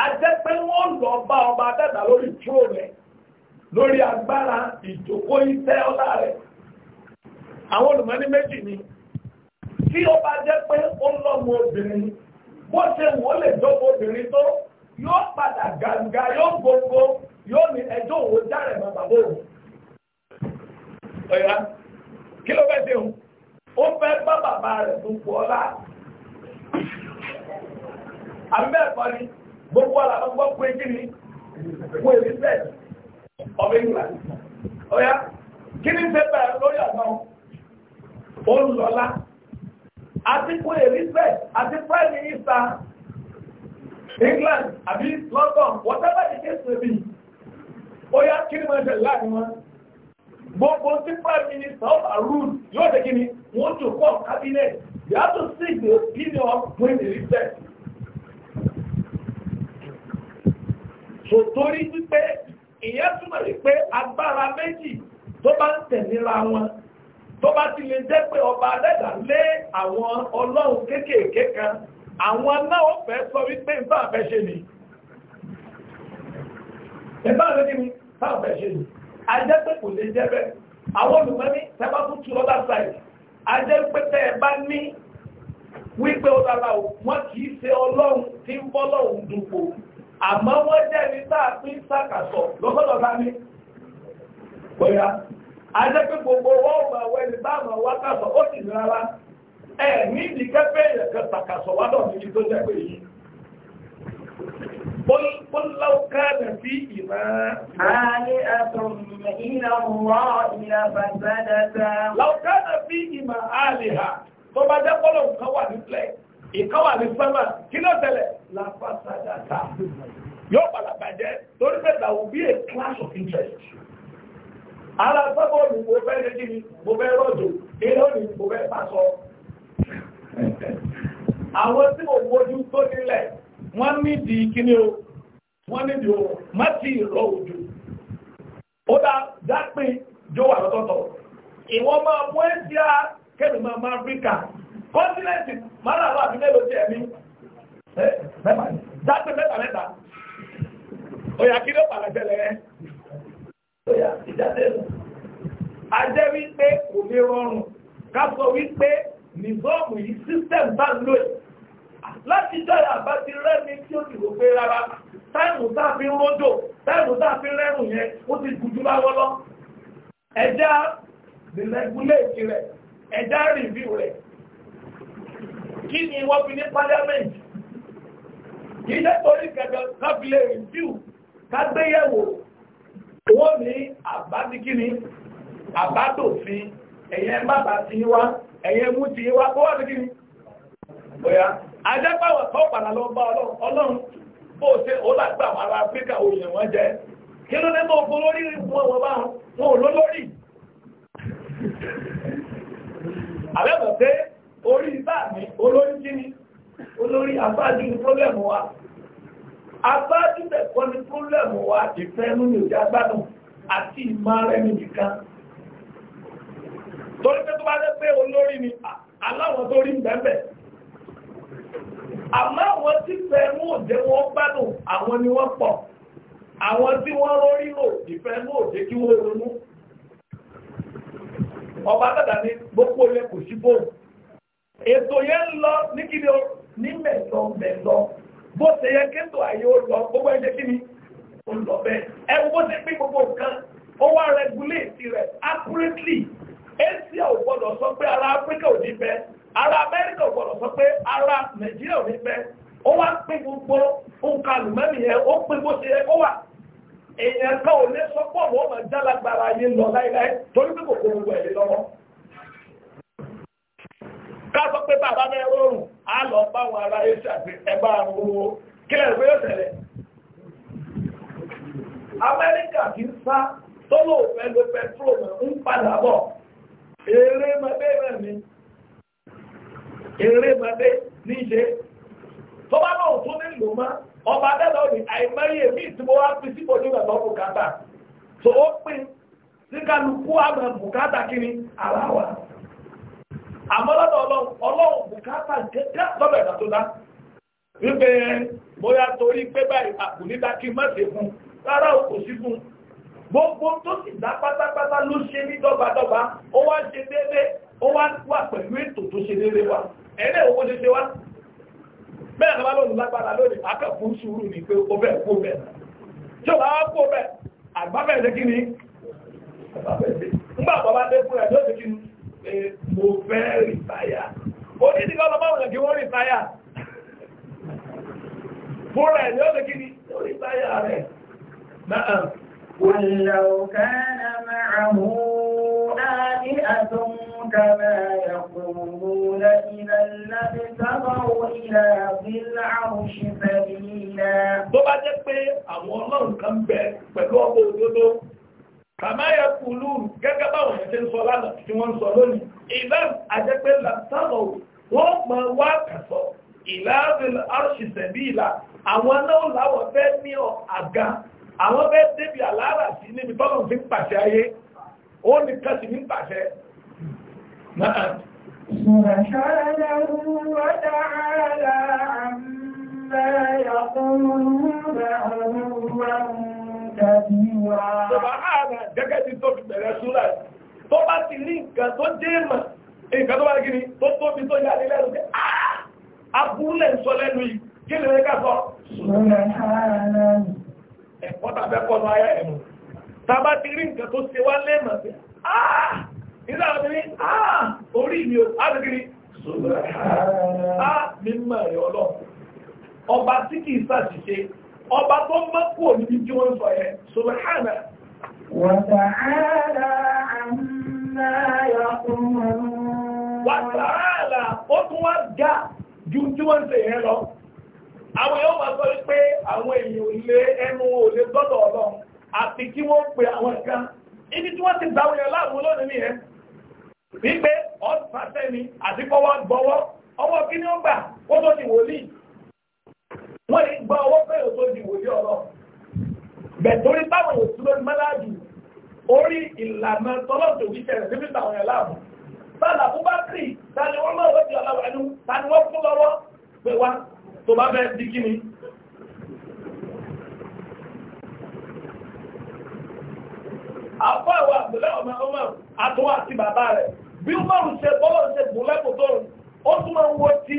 a jẹ́ pé wọ́n lọ bá ọba dẹ́dà lórí tró rẹ̀ lórí agbára ìjòkó iṣẹ́ ọlá rẹ̀ àwọn olùmọ́ní méjì ni tí ó bá jẹ́ pé ó lọ́mọ obìnrin bó ṣe wọ́n lè jọ́mọ obìnrin tó yóò padà gàǹgà yóò gbogbo yóò ní ẹjọ́ òun járe mọ́ bàbá òun ọ̀yá kí ló fẹ́ dẹ̀hùn ó fẹ́ bá bàbá rẹ̀ tó pọ̀ ọlá àbẹ́ẹ̀kọ́ ni gbogbo àlàbọ̀ gbọ́ pé kí ni wọ́n èmi fẹ́ ọmọ ìgbà ọ̀yá kí ni fẹ́ bẹ̀rẹ̀ lórí àná olùlọ́lá àti pé èmi fẹ́ àti prime minister England àbí London whatever the case may be ọ̀yá kí ni wọ́n ṣe láàrin wọn gbogbo tí prime minister of arun yóò ṣe kí ni wọ́n jù kọ́ cabinet they have to seek the opinion of when they respect. so torí wípé ìyẹn túmọ̀ sí pé agbára méjì tó bá ń tẹ̀léra wọn tó bá ti lè jẹ́ pé ọba adẹ́dà lé àwọn ọlọ́run kéékèèké kan àwọn náà ó fẹ́ sọ wípé nípa àfẹ́ ṣe ni nípa àfẹ́ ṣe ni nípa àfẹ́ ṣe ni ajẹ́ pé kò àwọn olùmọ̀ ní tẹ́bá tún tún ọdá sáì ajẹ́ pé tẹ́ ní wípé ó dára wọn kì í ọlọ́run tí ń bọ́lọ́run dùpò àmọ́ wọ́n jẹ́ ní táà pín sàkàsọ̀ lọ́sọ̀lọ́ bá ní pẹ̀lá ajẹ́ pé gbogbo wọ́n ma wẹ́ ní táàmà wákàsọ̀ ó sì ní rárá ẹ̀ ní ìdíkẹ́fẹ́ ìrẹ̀kẹ́ sàkàsọ̀ wádọ̀ ní tó jẹ́ bá jẹ́ pọ́lọ̀ nǹkan wà nípìlẹ̀ ìkọ́wà ní sọ́mà kí ló tẹ̀lẹ̀ lápásádàtà yóò padà torí pé that will be a clash of interest ara sọ́mà òní mo fẹ́ ṣe kí ni mo fẹ́ rọ́jò ilé òní mo fẹ́ pàṣọ àwọn tí mo mójú tó nílẹ̀ wọ́n ní di kíní o wọ́n ní di o má ti rọ òjò ó dá dápin jó wà lọ́tọ̀ọ̀tọ̀ ìwọ́n máa mú ẹ́ sí á kẹ́mi máa rí kà kọ́ńtínẹ́ǹtì márùn-ún àbí emi, tiẹ̀ eh, ní dáṣẹ́ mẹ́ta mẹ́ta òyà kí ló ìjáde lọ. a wípé kò ní rọrùn ká sọ wípé yìí sísẹ́mù bá ń lò ẹ̀ láti àbá ti fi ń táìmù fi rẹ́rùn yẹn ó ti láwọ́ lọ kí ni wọ́n fi ní parliament kìí lẹ́tọ̀rí gẹ̀gẹ̀ káfílẹ̀ review kágbéyẹ̀wò wọ́n ní àbádíkíní àbádòfin ẹ̀yẹ bàbá ti wá ẹ̀yẹ mú ti wá kó wá díkíní bóyá ajẹ́pàwọ̀ tó padà lọ bá ọlọ́run bó ṣe ó lágbà àwọn ará áfíríkà òyìn orí bá mi olórí kí ni olórí abájú ní pọ́lẹ̀mù wa abájú bẹ̀kọ́ ní pọ́lẹ̀mù wa ìfẹ́nú ní òjá gbádùn àti ìmá rẹni nìkan torí pé tó bá jẹ́ pé olórí ni aláwọ̀ tó rí bẹ́ẹ̀bẹ̀ àmọ́ àwọn tí fẹ́nú òjé wọn gbádùn àwọn ni wọ́n pọ̀ àwọn tí wọ́n rórí lò ìfẹ́nú òjé kí wọ́n ronú ọba dàdà ní gbogbo ilẹ̀ kò sí bóòlù ètò yẹn ń lọ ní kí ni ó ní mẹ̀lọ mẹ̀lọ bó ṣe yẹ kéńtò ayé ó lọ gbogbo ẹ̀jẹ̀ kí ni ó lọ bẹ́ẹ̀ ẹ bó ṣe pín gbogbo nǹkan ó wá regulate rẹ̀ accurately asia ò gbọ́dọ̀ sọ pé ara Africa ò ní bẹ́ẹ̀ ara America ò gbọ́dọ̀ sọ pé ara Nàìjíríà ò ní bẹ́ẹ̀ ó wá pín gbogbo nǹkan àlùmọ́nì yẹn ó pín bó ṣe yẹ kó wà èèyàn kan ò lè sọ pọ̀ mọ́ ọmọ jálágbára yín lọ láíláí torí pé kò ẹ̀ lọ́wọ́ káàkọ́ pé bàbá mẹ́rin oòrùn á lọ bá wọn ará asia pé ẹgbà owó kílẹ̀ ìwé òṣèlẹ̀ amẹ́ríkà kì í sá tó lò fẹ́ lo ń padà bọ̀ eré mẹ́bẹ́ rẹ̀ ni eré mẹ́bẹ́ níṣe tó bá nílò ọba dẹ́lọ ni àìmọye mí tí wá fi sípò tó tó ó pín sí kálukú àmọ́ bùkátà àmọ́lọ́dọ̀ ọlọ́run bùkátà kẹ́kẹ́ lọ́bẹ̀ ìdá tó dá wípé bóyá torí pé báyìí àkùnídá kí ṣe fún rárá o sí fún gbogbo tó sì dá pátápátá ló ṣe ní dọ́gbadọ́gba ó wá ṣe déédé ó wá wà pẹ̀lú ètò tó wa owó ṣe ṣe wá bẹ́ẹ̀ ni wọ́n lágbára lónìí akẹ́kọ̀ọ́ sùúrù pé ó bẹ́ẹ̀ kó bẹ́ẹ̀ pé mo fẹ́ rìtáyà ó ní nígbà ọlọ́mọ òyìn kí wọ́n rìtáyà fúnra ẹ̀ ni ó lè kí ni ó rìtáyà rẹ̀ náà ولو كان معه آلئة كما يقولون إذا لابتغوا إلى ذي العرش سبيلا. Bó bá jẹ́ pé àwọn ọlọ́run kan bẹ pẹ̀lú ọgbọ́n òdodo kàmáyà kùlù gẹ́gẹ́ báwọn ẹ̀ṣẹ́ ń sọ lánàá tí wọ́n ń sọ lónìí ìlà àjẹpẹ́ làtàlọ́ wọ́n mọ̀ wá kàtọ́ ìlà àbẹ̀lẹ̀ àrùsìṣẹ́ bí ìlà àwọn náà láwọ̀ fẹ́ ní àga àwọn fẹ́ débi àlàárà sí níbi tọ́lọ̀ fi ń pàṣẹ ayé ó ní kásì ní pàṣẹ. سبحانه كبيرا سبحانه gẹ́gẹ́ bí tó fi bẹ̀rẹ̀ súrà tó bá ti rí nǹkan tó jẹ́ ìmọ̀ nǹkan tó bá rí gíní tó tóbi tó yà nílẹ̀ lókè abúlẹ̀ ń sọ lẹ́nu yìí kí lè rẹ́ kásọ ẹ̀kọ́ ṣe ọba tó mọ́ kúrò níbi tí wọ́n sọ yẹn subhana wàtàhálà àmà yàkùnrin wàtàhálà ó tún wá já ju tí wọ́n sọ yẹn lọ àwọn yóò máa sọ wípé àwọn èèyàn lé ẹnu òlé gbọ́dọ̀ ọlọ́run àti kí wọ́n pe àwọn kan ibi tí wọ́n ti gbà wọlé láàmú lónìí nìyẹn wípé ọ̀sán sẹ́ni àti kọ́wọ́ gbọ́wọ́ ọwọ́ kí ni ó gbà ó tó ti wòlíì wọ́n lè gba ọwọ́ pé òtó di wòlíì ọ̀rọ̀ bẹ̀tọ́rí táwọn òtún lórí mẹ́láàjù orí ìlànà tọ́lọ́tò wíṣẹ́ rẹ̀ níbi táwọn yẹn láàbù sáàlà fún bá kì í tani wọ́n lọ́wọ́ lọ́dí ọ̀làwọ̀ ẹnu tani wọ́n fún lọ́wọ́ pé wá tó bá bẹ́ẹ̀ di kí ni. àfọ àwọn àgbẹ̀lẹ̀ ọmọ ọmọ àtúwọ̀ àti bàbá rẹ̀ bí wọ́n ṣe bọ́lọ̀ ṣe gbọ́lẹ́kùn tó ó tún máa ń wọ́ tí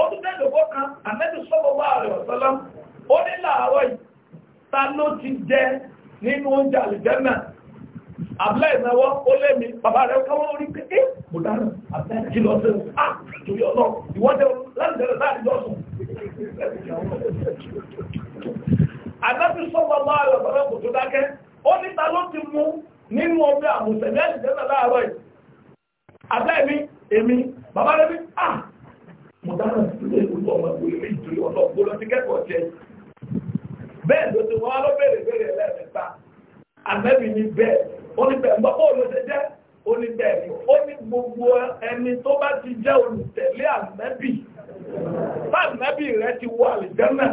ó tún tẹ́lògbó kan àmẹ́bí sọ́lọ́wọ́ ààrẹ ọ̀sọ́lá ó ní láàárọ̀ yìí ta ló ti jẹ nínú oúnjẹ àlìjẹ́nà àbúlẹ̀ ìnáwó ó lé mi bàbá rẹ̀ káwọ́ orí pé é mo dáná àbẹ́ kí lọ sí à torí ọ̀nà ìwọ́dẹ láti jẹ́rẹ̀ láti lọ́sùn àmẹ́bí sọ́lọ́wọ́ ààrẹ ọ̀sọ́lá kò tó dákẹ́ ó ní ta ló ti láàárọ̀ yìí àbẹ́ mi èmi bàbá rẹ̀ mi à ah, mo dáhùn sílé ìlú ọmọ ìwé mi ìdúrí ọ̀nà ògbóló ti kẹ́kọ̀ọ́ jẹ. bẹ́ẹ̀ ló ti wọ́n á lọ bèrè bèrè lẹ́ẹ̀mẹ́ta àmẹ́bí ni bẹ́ẹ̀ ó ní bẹ́ẹ̀ mọ́ bóòlù ṣe jẹ́ ó ní bẹ́ẹ̀ ni ó ní gbogbo ẹni tó bá ti jẹ́ olùtẹ̀lé àmẹ́bí fáàmẹ́bí rẹ ti wọ àlìjẹ́nà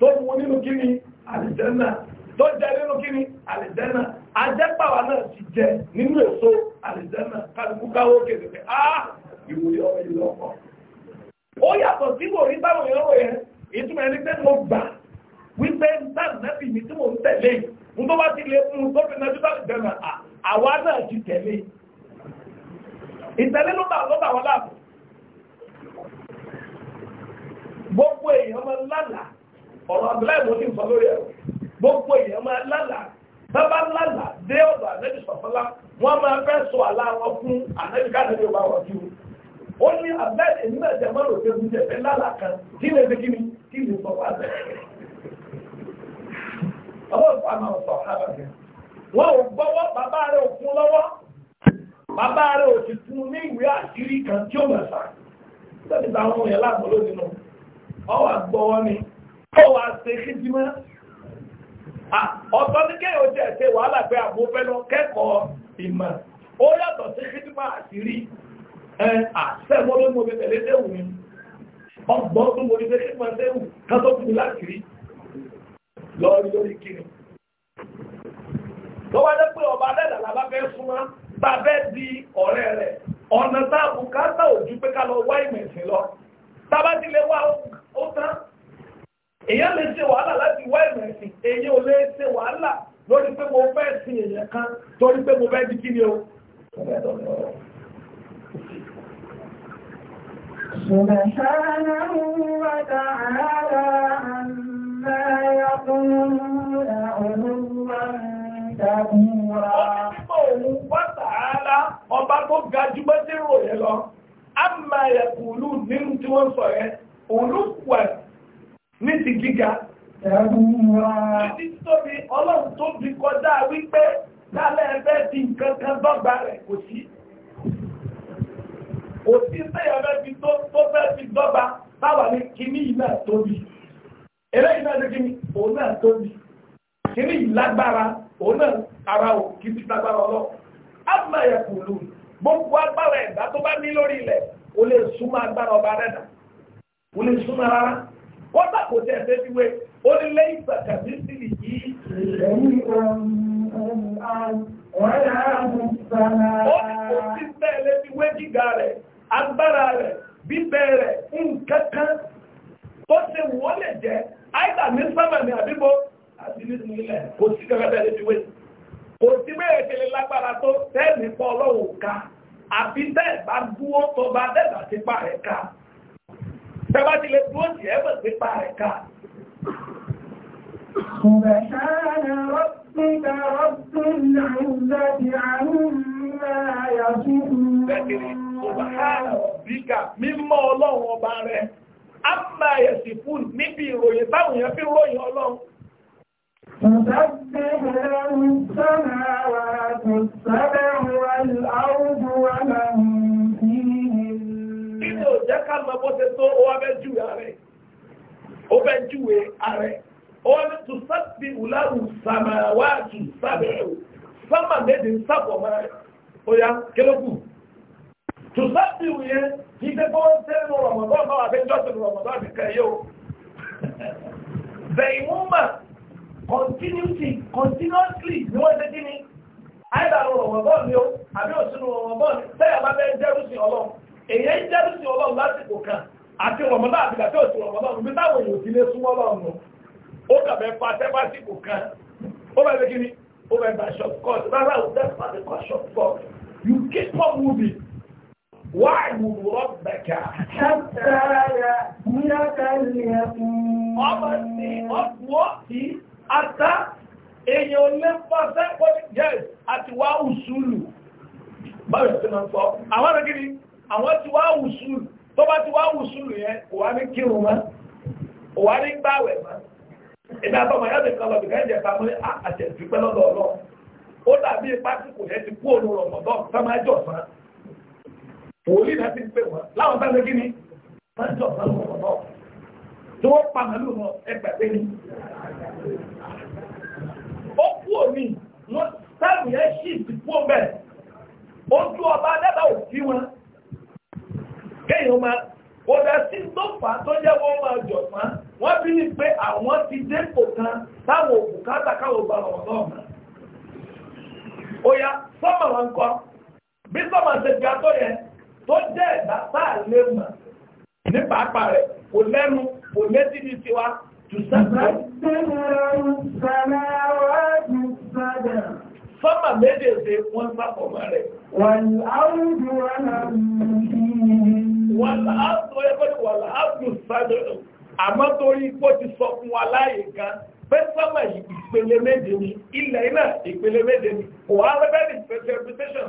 tó wọ nínú kíni àlìjẹ́nà tó jẹ nínú kíni àlìjẹ́nà ajẹ́pàwà náà ti jẹ nínú èso àlìjẹ́nà kálukú káwó kèrè pé á ìwúrí ọmọ ìlú ọkọ̀ ó yàtọ̀ sí mò rí báwọn èèyàn rò yẹn ìtumọ̀ ẹni pé mo gbà wípé náà nẹ́bì mi tí mò ń tẹ̀lé mo tó bá ti lè mú tó fi náà júbà ìjọba àwa náà ti tẹ̀lé ìtẹ̀lé ló bá ló bá wọn gbogbo èèyàn máa lálàá ọ̀rọ̀ mo ti gbogbo èèyàn máa lálàá bábá lálàá dé ọ̀dọ̀ àlejò sọ̀fọ́lá wọ́n máa sọ àlá wọn fún wọn ó ní abẹ́rẹ́ èmi náà jẹ mọ́rò pé mo jẹ fẹ́ lálà kan kí lè ṣe kí ni kí lè sọ wá bẹ́ẹ̀. ọlọ́run pa máa sọ ọ̀há bàbá wọn ò gbọ́wọ́ bàbá rẹ̀ ò fún lọ́wọ́ bàbá rẹ̀ ò sì fún ní ìwé àṣírí kan tí ó mọ̀ sá sẹ́ni táwọn ohun yẹn láàbọ̀ lónìí nù ọwọ́ àgbọ̀wọ́ ni ọwọ́ àṣẹ kíjìmọ́ ọ̀tọ̀ ní kéèyàn jẹ́ ẹ̀ṣẹ̀ àṣẹ́gbọ́n ló mọ̀ tẹ̀lé déwù ni ọgbọ́n tó mọ̀ tẹ̀lé mọ̀ déwù kátó kù láti rí lọ́rí lórí kiri lọ́wọ́ jẹ́ pé ọba alẹ́ làlábá fẹ́ súnmọ́ bá fẹ́ di ọ̀rẹ́ rẹ̀ ọ̀nà tá a bù kátà òjú pé ká lọ wá ìmọ̀ ẹ̀sìn lọ tábà ti lè wá ó tán èèyàn lè ṣe wàhálà láti wá ìmọ̀ ẹ̀sìn èèyàn ò lè ṣe wàhálà lórí pé mo fẹ́ sin èèyàn kan torí pé mo fẹ́ di kí ni o. سبحانه وتعالى عما يقولون علوا كبيرا ọba tó ga jù bá tí rò yẹ lọ a máa yẹ kùlù nínú tí wọ́n sọ yẹ olùkùwà ní ti gíga títí tóbi ọlọ́run tó bí kọjá wípé lálẹ́ ẹgbẹ́ ti nǹkan kan dọ́gba rẹ̀ kò sí kò sí sẹ́yọ̀ lẹ́bi tó fẹ́ fi dọ́gba táwa ní kíní yìí náà tóbi eléyìí náà tóbi òun náà tóbi kíní yìí lágbára òun náà ara ò kí ti lágbára ọlọ́ àmà yẹ kùlù gbogbo agbára ẹ̀dá tó bá ní lórí ilẹ̀ kò lè súnmọ́ agbára ọba rẹ̀dá kò lè súnmọ́ rárá kọ́tà kò tẹ̀ wé ó ní agbára rẹ̀ bíbẹ̀ rẹ̀ nǹkan kan ó ṣe wọlé jẹ́ àìdá ní sábà ní àbíbó àti nínú ilẹ̀ kò sí gẹ́gẹ́ bẹ́ẹ̀ níbi wẹ́ẹ̀ kò sí bẹ́ẹ̀ kele lágbára tó tẹ́ẹ̀mí pọ̀ ọlọ́run ká àbí tẹ́ẹ̀ bá dúró tó bá dẹ́gbà ti pa rẹ̀ ká. سبحان Bíkà mímọ́ ọlọ́run ọba rẹ̀. A máa yẹ̀ sí fún níbi ìròyìn táwọn èèyàn fi ròyìn ọlọ́run. تسبح له السماوات السبع والأرض ومن فيهن. Nínú òjẹ́ ká lọ bó ṣe tó ó wá bẹ́ júwe ààrẹ. Ó bẹ́ tó sábì ìwúláwù sàmàwáàtù sábẹ̀rẹ̀ o. Sábà méje ń sábọ̀ máa tùsáàbìwì yẹn kí n tẹ́kọ́ sẹ́nu rọ̀mọ̀dán máa fẹ́ jọ́sìn rọ̀mọ̀dán nìkan yóò bẹ̀yìn wọ́n mà continuity continuously ni wọ́n ṣe kí ni àìdàrú rọ̀mọ̀dán ni ó àbí òsínú rọ̀mọ̀dán ni sẹ́yà bá fẹ́ jẹ́rùsìn ọlọ́run èyí ń jẹ́rùsìn ọlọ́run lásìkò kan àti rọ̀mọ̀dán àti gàtẹ́ òsì rọ̀mọ̀dán níbi táwọn èèyàn ti lé súnmọ́ lọ́run ó kàbẹ́ pa tẹ́fásìkò kan ó bẹ̀rẹ̀ kí ni ó bẹ̀rẹ̀ bá short cut rárá ò tẹ́fásìkò short cut you keep on moving واعبد ربك حتى يأتيك اليقين wòlíì náà ti ń pè wọ́n láwọn bá ṣe kí ni wọ́n náà tí wọ́n pa màálù náà ẹgbẹ̀gbẹ́ ni. ó kú òní wọ́n sáàbù yẹn ṣì ti kú ọba dábàá ò wọn kéèyàn máa kódà sí tó fà tó jẹ́ wọ́n máa jọ fún wọn bí ní pé àwọn ti dé kò kan táwọn òkú káwọn bá wọn náà mọ̀. ó yá sọ́mọ̀ wọn kọ́ bí sọ́mọ̀ ṣe tó jẹ́ ẹ̀dá sáà lè mọ̀ ní pàápàá rẹ̀ kò lẹ́nu kò létí ní tiwa tù sẹ́sẹ́ Sọ́mà méjèèjì wọ́n sápọ̀ mọ́ rẹ̀. Wọ́n láàrùn wọ́n láàrùn sádùn àmọ́ torí ipò ti sọ fún wa láàyè kan pé sọ́mà ìpele méje ni ilẹ̀ iná ìpele méje ni kò wá rẹ́bẹ̀rẹ̀ interpretation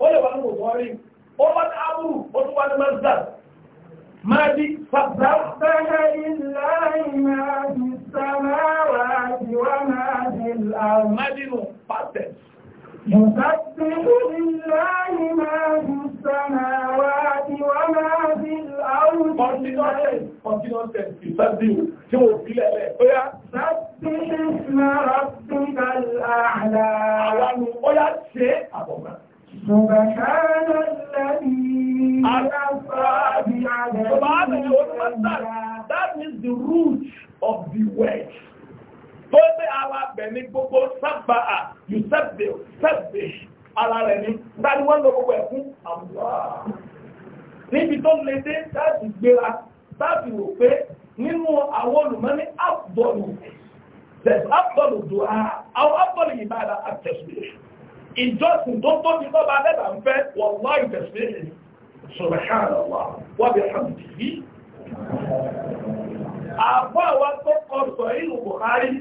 ó lè wà ní bùkọ́rí ó wá ní ábúrú ó tún wá ní mazda máa di fàbá sáyà ilá ìmá di samáwá di wá máa di láàrùn máa di nù pàtẹ́ يسبح لله ما في السماوات وما في الأرض سبح اسم ربك الأعلى That means the root of the word. Tó ara bẹ̀ gbogbo sábà à, you sẹ́bẹ̀ sẹ́bẹ̀ ara rẹ̀ ní, dáni wọ́n lọ gbogbo ẹ̀kún àmúwà. Níbi tó lè dé láti gbéra, láti rò pé nínú àwọn olùmọ́ní àbọ̀lù, tẹ̀sí àbọ̀lù dùn àwọn àbọ̀lù yìí bá dá àtẹ̀sùn ìjọsìn tó tóbi tó bá lẹ́bàá ń fẹ́ wọ́n láì tẹ̀sí ṣọ̀rọ̀ṣàrọ̀wà wọ́n bí hàmdì yìí àbọ́ àwọn tó kọ sọ̀rọ̀ Buhari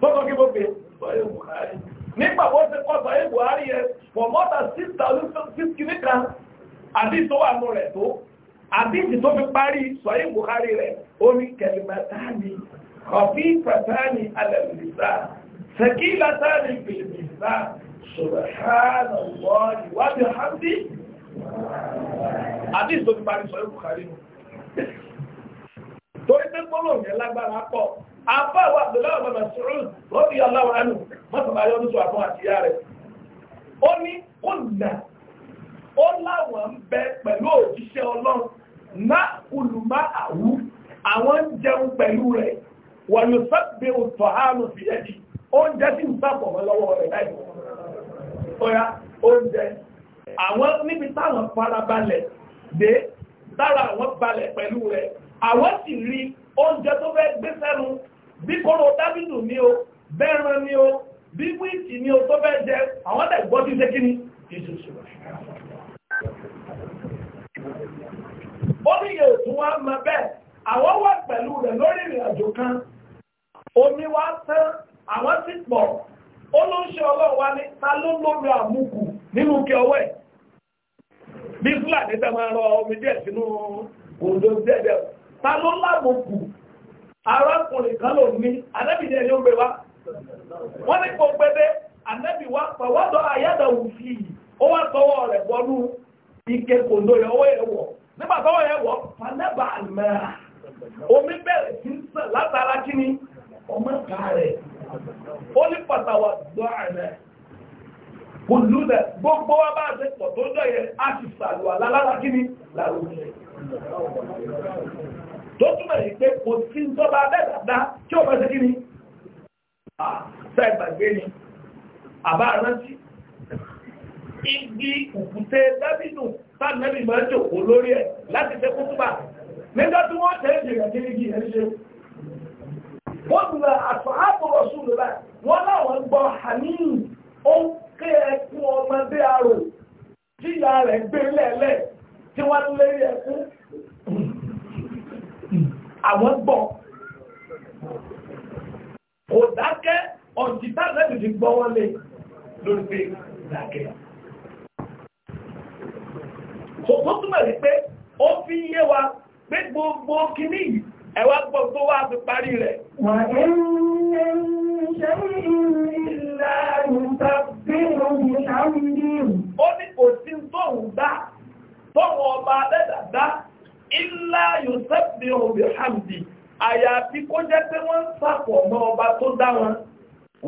tó kọ kí gbogbo sọ̀rọ̀ Buhari nígbà wọ́n ti kọ sọ̀rọ̀ Buhari yẹ for more than six thousand six kìlíkan àdìs tó wà nù rẹ̀ tó àdìs tó fi parí sọ̀rọ̀ Buhari rẹ̀ orí kẹlìmẹ́tàní kọfí pẹ̀tàní alẹ́lẹ́sà sẹ̀kí látàní fìlìmẹ́sà Subhanallah wa bihamdi àti ìsọ́bí parí sọ ìrùkà nínú torí pé gbọ́nà yẹn lágbára pọ̀ afá wa Abdullahi bàbá sùúrù lọ́bí aláwọ̀ ánù mọ́sàmá yọ́ nítorí àwọn àtìyá rẹ̀ ó ní ó nà ó láwọn ń bẹ pẹ̀lú òjíṣẹ́ ọlọ́run ná olùmá àwú àwọn ń jẹun pẹ̀lú rẹ̀ wọ̀nyí sábẹ́ òtọ̀ àánú fìyẹ́jì oúnjẹ sì ń sápọ̀ mọ́ lọ́wọ́ rẹ̀ láìpẹ́ ọya oúnjẹ àwọn níbi táwọn farabalẹ̀ dé dára àwọn balẹ̀ pẹ̀lú rẹ̀ àwọn sì rí oúnjẹ tó fẹ́ gbé sẹ́nu bí kóró dábìdù ni o bẹ́ẹ̀rẹ̀ ni o bí wíìtì ni o tó fẹ́ jẹ àwọn dẹ̀ gbọ́ ti ṣe kí ni ìṣòṣò ó ní yóò tún wá mọ bẹ́ẹ̀ àwọn wà pẹ̀lú rẹ̀ lórí ìrìn àjò kan omi wá tán àwọn sì pọ̀ ó ló ọlọ́run wá ta ló lórí àmúkù nínú kí ọwọ́ ẹ̀ bí fúlàní tẹ máa rọ omi díẹ̀ sínú òǹdó dẹ́dẹ̀ ta ló lábòkù arákùnrin kan ló ní anábìyẹ wá wọ́n ní kò wá sí i ó ike yẹ ọwọ́ yẹ wọ̀ nígbà tọwọ́ yẹ wọ̀ omi bẹ̀rẹ̀ sí sàn látara ó ní pàtàwà gbọ́ àrẹ kò lúlẹ̀ gbogbo wa bá ṣe pọ̀ tó jọ yẹ a ti sàlù alálára kí ni lárúkẹ tó túnmọ̀ yìí pé kò sí tọ́ba bẹ́ẹ̀dàdá kí o bá ṣe kí ni sẹ́gbàgbé ni igi òkúté dábìnù sáàmẹ́lì máa jòkó lórí ẹ̀ láti ṣe kútúbà nígbà tí wọ́n tẹ́ ìjìnlẹ̀ kí igi ẹ̀ ṣe wọ́n bí wọ́n àtàbò rọ̀ṣùn lọ́la wọ́n láwọn ń gbọ́ hamim ó ń ké ẹkún ọmọdé arò tíya rẹ̀ gbé lẹ́lẹ̀ tí wọ́n lé ẹkún àwọn gbọ́ kò dákẹ́ ọ̀jìtá lẹ́bì ti gbọ́ wọ́n lé lórí pé dákẹ́ kò tó túmọ̀ pé ó fi yé wa pé gbogbo kìíní yìí ẹwà gbọ́ tó wá fi parí rẹ̀. wà ní ṣe ìlà ìtàbílò ìṣàmìlì. ó ní kò sí tóhùn dá tóhùn ọba adẹ́dàdá ìlà ìtàbílò ìṣàmìlì àyàfi kó jẹ́ pé wọ́n ń sàpọ̀ mọ́ ọba tó dá wọn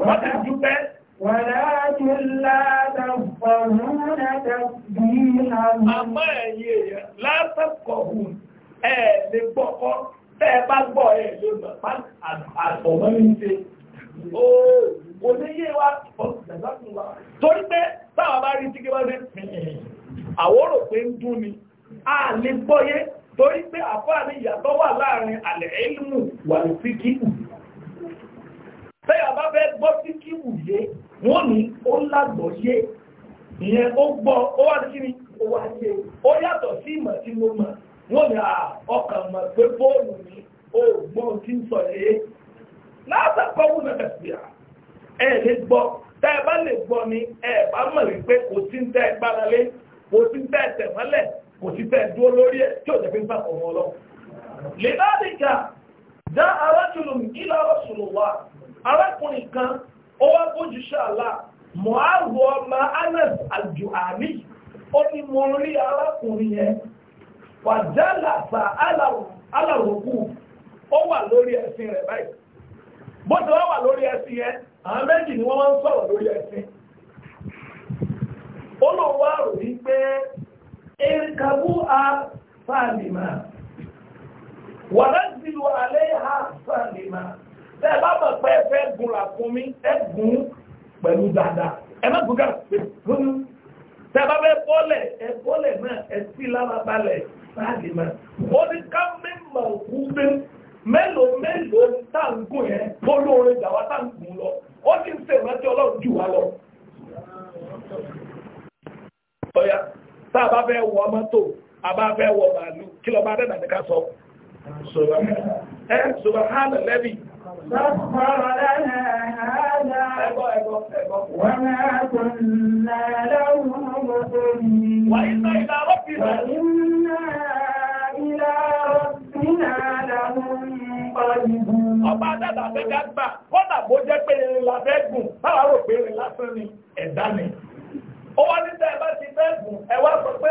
wọ́n ti dúpẹ́. Wàláàkí látàkọ̀hún látàkọ̀hún. Àmọ́ ẹ̀yẹ látàkọ̀hún ẹ̀ lè gbọ́kọ́ tẹ́ ẹ bá gbọ́ ẹ lè mọ̀ pa àtọ̀mọ́ ní ṣe ooo kò ní yé wa torí pé táwọn bá rí tíkẹ́ wọ́n dé àwòrò pé ń dún ni a lè gbọ́yé torí pé àfáàní ìyàtọ̀ wà láàrin àlẹ́ ìlú wà ní síkìkù tẹ́yà bá fẹ́ gbọ́ síkìkù yé wọ́n ní ó lágbọ́yé ìyẹn ó gbọ́ ó wá ní kí ni ó wá yé ó yàtọ̀ sí ìmọ̀ tí mo mọ̀ wọ́n ní ọkàn mọ̀ pé bóòlù ni ó gbọ́n tí ń sọ yìí látàkọ́ wù náà sí à ẹ lè gbọ́ tẹ́ ẹ bá lè gbọ́ ni ẹ bá mọ̀ wípé kò sí ń tẹ́ ẹ gbára lé kò sí ń tẹ́ ẹ tẹ̀ mọ́lẹ̀ kò sí tẹ́ ẹ dúró lórí ẹ tí ò jẹ́ fi ń sàkọ̀ wọn lọ. lèládìgà já arájùlù ìlà ọ̀ṣùlù wa arákùnrin kan ó wá bójú ṣàlá mọ̀ á ọmọ anas aljuhani ó ní mo fàjálàsà alàrùkù ó wà lórí ẹ̀sìn rẹ̀ báyìí bó ti wá wà lórí ẹ̀sìn yẹn àwọn méjì ni wọ́n máa ń sọ̀rọ̀ lórí ẹ̀sìn ó a fàlìmà wàrẹ́sìlú alẹ́ ha fàlìmà tẹ́ ẹ bá mọ̀ pé ẹ fẹ́ gun ràkúnmí ẹ gùn pẹ̀lú dáadáa ẹ má bọ́lẹ̀ ẹ náà ẹ sí lára balẹ̀ sálìmọ̀ ó ní ká mímọ̀ òkú pé mélòó mélòó táǹgùn yẹn tó lóore jà wá táǹgùn lọ ó ti ń ṣe ìrántí ọlọ́run jù wá lọ. ọ̀yà tá a bá fẹ́ wọ mọ́tò a bá fẹ́ wọ bàálù kí lọ́ọ́ bá dẹ́nà ní ká sọ ẹ́ subahana lẹ́bí Ọba dàdà fẹ́ gbà, kọ́nà bó jẹ́ pé ìrìnlàfẹ́gùn, báwa rò pé ìrìnlásán ni ẹ̀dá ni. Ó wá ní tẹ́ bá ti fẹ́gùn, ẹwà sọ pé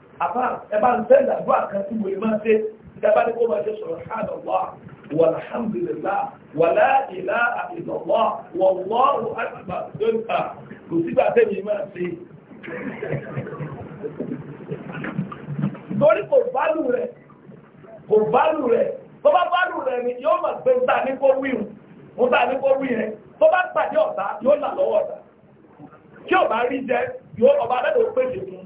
àbá ẹbá ń tẹ́lẹ̀ àdúrà kan tí mo lè máa ṣe ìjábá ní kó máa ṣe sọ̀rọ̀ ṣáàdọ̀wà wàlàhàmdùlélà wàlá ìlà àìlọ́wọ́ wọ̀wọ́rù àgbà tó ń ta kò sígbà tẹ́mi máa ṣe torí kò bálù rẹ̀ kò bálù rẹ̀ tó bá bálù rẹ̀ ni yóò mọ̀ pé ní kó wíhùn ń ta ní kó wíhùn tó bá pàdé ọ̀tá yóò là lọ́wọ́ ọ̀tá tí ò rí jẹ yóò ọba lẹ́dọ̀ọ́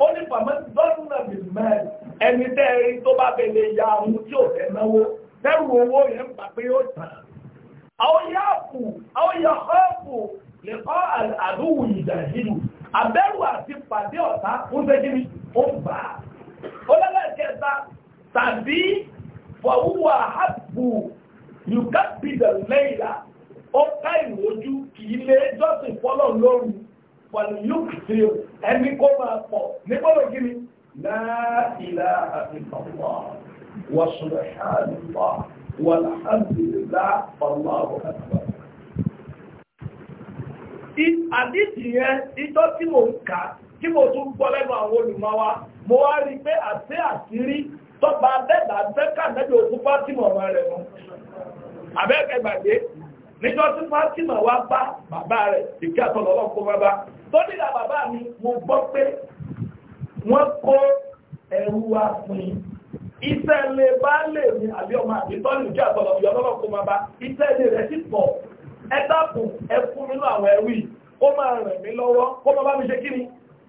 ó ní pàmọ́ dọ́nà bí mẹ́rin ẹni tẹ́rin tó bá bẹ̀lẹ̀ ya ohun tí ò fẹ́ náwó tẹ́rù owó yẹn ń pa pé ó tàn àwọn yà kù àwọn yà ọ́pù lè kọ́ àdúwù ìjà ìlú àbẹ̀rù àti pàdé ọ̀tá ń fẹ́ kí ni ó ń bà á ó lẹ́lẹ́ kẹta tàbí fọwúwà hàbù yùkà bìdẹ̀ lẹ́yìnlá ó ká ìwòjú kì í lé jọ́sìn fọ́lọ́ lórun pọ̀lùyùkìtì ẹni kó máa pọ̀ nígbọ́lọ̀ gíní láìlá àfihànwà wà ṣùgbọ́nàlá wà láàbìlá ọ̀lá ọ̀kàtàwà. Àdìsí yẹn, ìjọ tí mo ń kà, tí mo tún gbọ́ lẹ́nu àwọn olùmọ́wá, mo wá rí pé àti àṣírí tọ́ba dẹ́gbà dẹ́kà nẹ́bí òkun Fátímọ̀ ọmọ rẹ̀ mú. Àbẹ́ẹ̀kẹ́ gbàgbé, tí Fátímọ̀ wá bá bàbá rẹ̀ ìkẹ́ àtọ̀lọ́lọ́kọ́ bá bá dókítà bàbá mi mo gbọ́ pé wọ́n kó ẹrú wa fún yín iṣẹ́ lè bá lè ní àbí ọmọ àbí tọ́lù jẹ́ àtọ̀lọ̀ ìyọ́ lọ́lọ́ kó máa bá iṣẹ́ lè rẹ̀ sí pọ̀ ẹ dákun ẹ fún mi nínú àwọn ẹrú yìí kó máa ràn mí lọ́wọ́ kó máa bá mi ṣe kí ni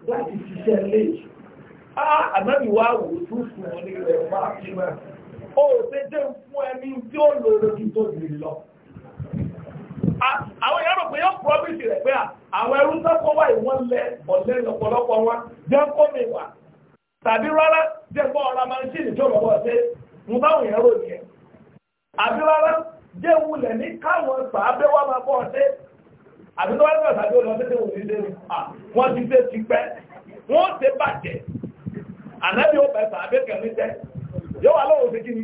láti ṣiṣẹ́ lè jù á wá wò ó tún fún ọ rẹ̀ máa àwọn èèyàn rò pé yóò promise rẹ̀ pé àwọn ẹrú sọ́kọ́ wà ìwọ́n lẹ ọ̀lẹ́ ọ̀pọ̀lọpọ̀ wọn jẹ́ kó mi wà tàbí rárá jẹ́ gbọ́ ọ̀rọ̀ machine tó lọ́wọ́ ṣe mo báwọn èèyàn rò nìyẹn àbí rárá jẹ́ wulẹ̀ ní káwọn sàábé wà máa bọ́ ṣe àbí tó wá ní ọ̀sàbí ó lọ sí tẹ̀wọ̀n ní sẹ́yìn wọ́n ti ṣe ti pẹ́ wọ́n ṣe bàjẹ́ ànábì ó bẹ̀ sàábé kẹ̀mí tẹ́ yóò wá lọ́wọ́ ṣe kí ni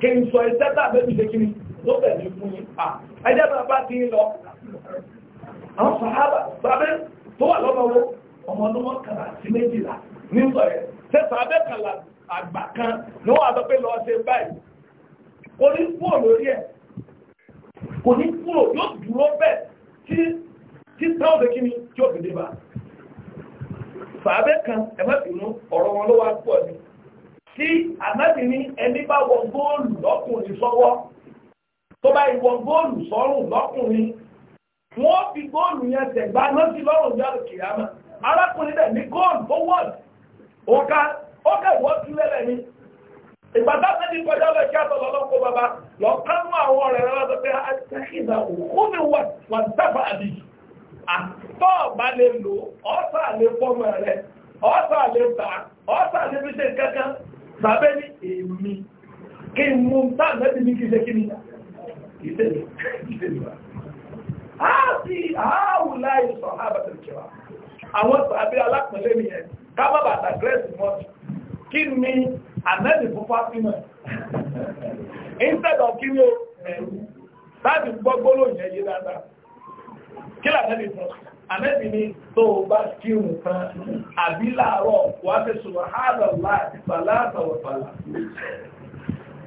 kí n sọ iṣẹ́ tàbí ìṣẹ́ kí ni ló bẹ̀rẹ̀ fún yín à ẹjẹ́ bá bá ti lọ àwọn sàhábà sàbẹ́ tó wà lọ́nà owó ọmọ ọdún mọ́kànlá sí méjìlá ní sọ yẹn ṣe sàbẹ́ kàlà àgbà kan ní wọ́n àtọ́ pé lọ ṣe báyìí kò ní kúrò lórí ẹ̀ kò ní kúrò yóò dúró bẹ́ẹ̀ tí tí táwọn bẹ kí ni tí ó fi dé bá sàbẹ́ kan tí ànábì ní ẹni bá wọ góòlù lọ́kùnrin sọ́wọ́ tó bá ìwọ góòlù sọ́rùn lọ́kùnrin wọ́n fi góòlù yẹn tẹ̀gbá náà sí lọ́rùn yàrá kìyàmá arákùnrin dẹ̀ ní góòlù tó wọ́ọ̀dù òkà ó kẹ̀wọ́ sílẹ̀ rẹ̀ ni ìgbàdá sẹ́ni kọjá lọ kí àtọ̀ lọ́lọ́kọ́ bàbá lọ kánú àwọn ọ̀rẹ́ rẹ̀ lọ́dọ̀ pé àtẹ́kìdà ah, òkúni wà dábà àbí àtọ́ bá lè lò ọ́sà lè fọ́mọ rẹ̀ ọ́sà lè bà ọ́sà lè fi ṣe kankan sàbẹ́ ní èmi kí n mú tàbí ní kí ṣe kí ni ìtẹ́lẹ̀ ìtẹ́lẹ̀ á sí àáwùlá ìsọ̀ àbàtàkìwà àwọn sàbẹ́ alápẹ̀lẹ́ ni ẹ̀ kábàbà àtàgẹ́sì mọ́tù kí ni ànẹ́dì fún fásimọ̀ instead of kí ni ẹ̀rù láti gbọ́gbọ́lò yẹn yé dáadáa kí lànẹ́dì fún fásimọ̀ àmẹ́bì ni tó bá kí nǹkan àbí láàárọ̀ wà fẹ́ sùwàhálàlá àti fàlátàwàfàlà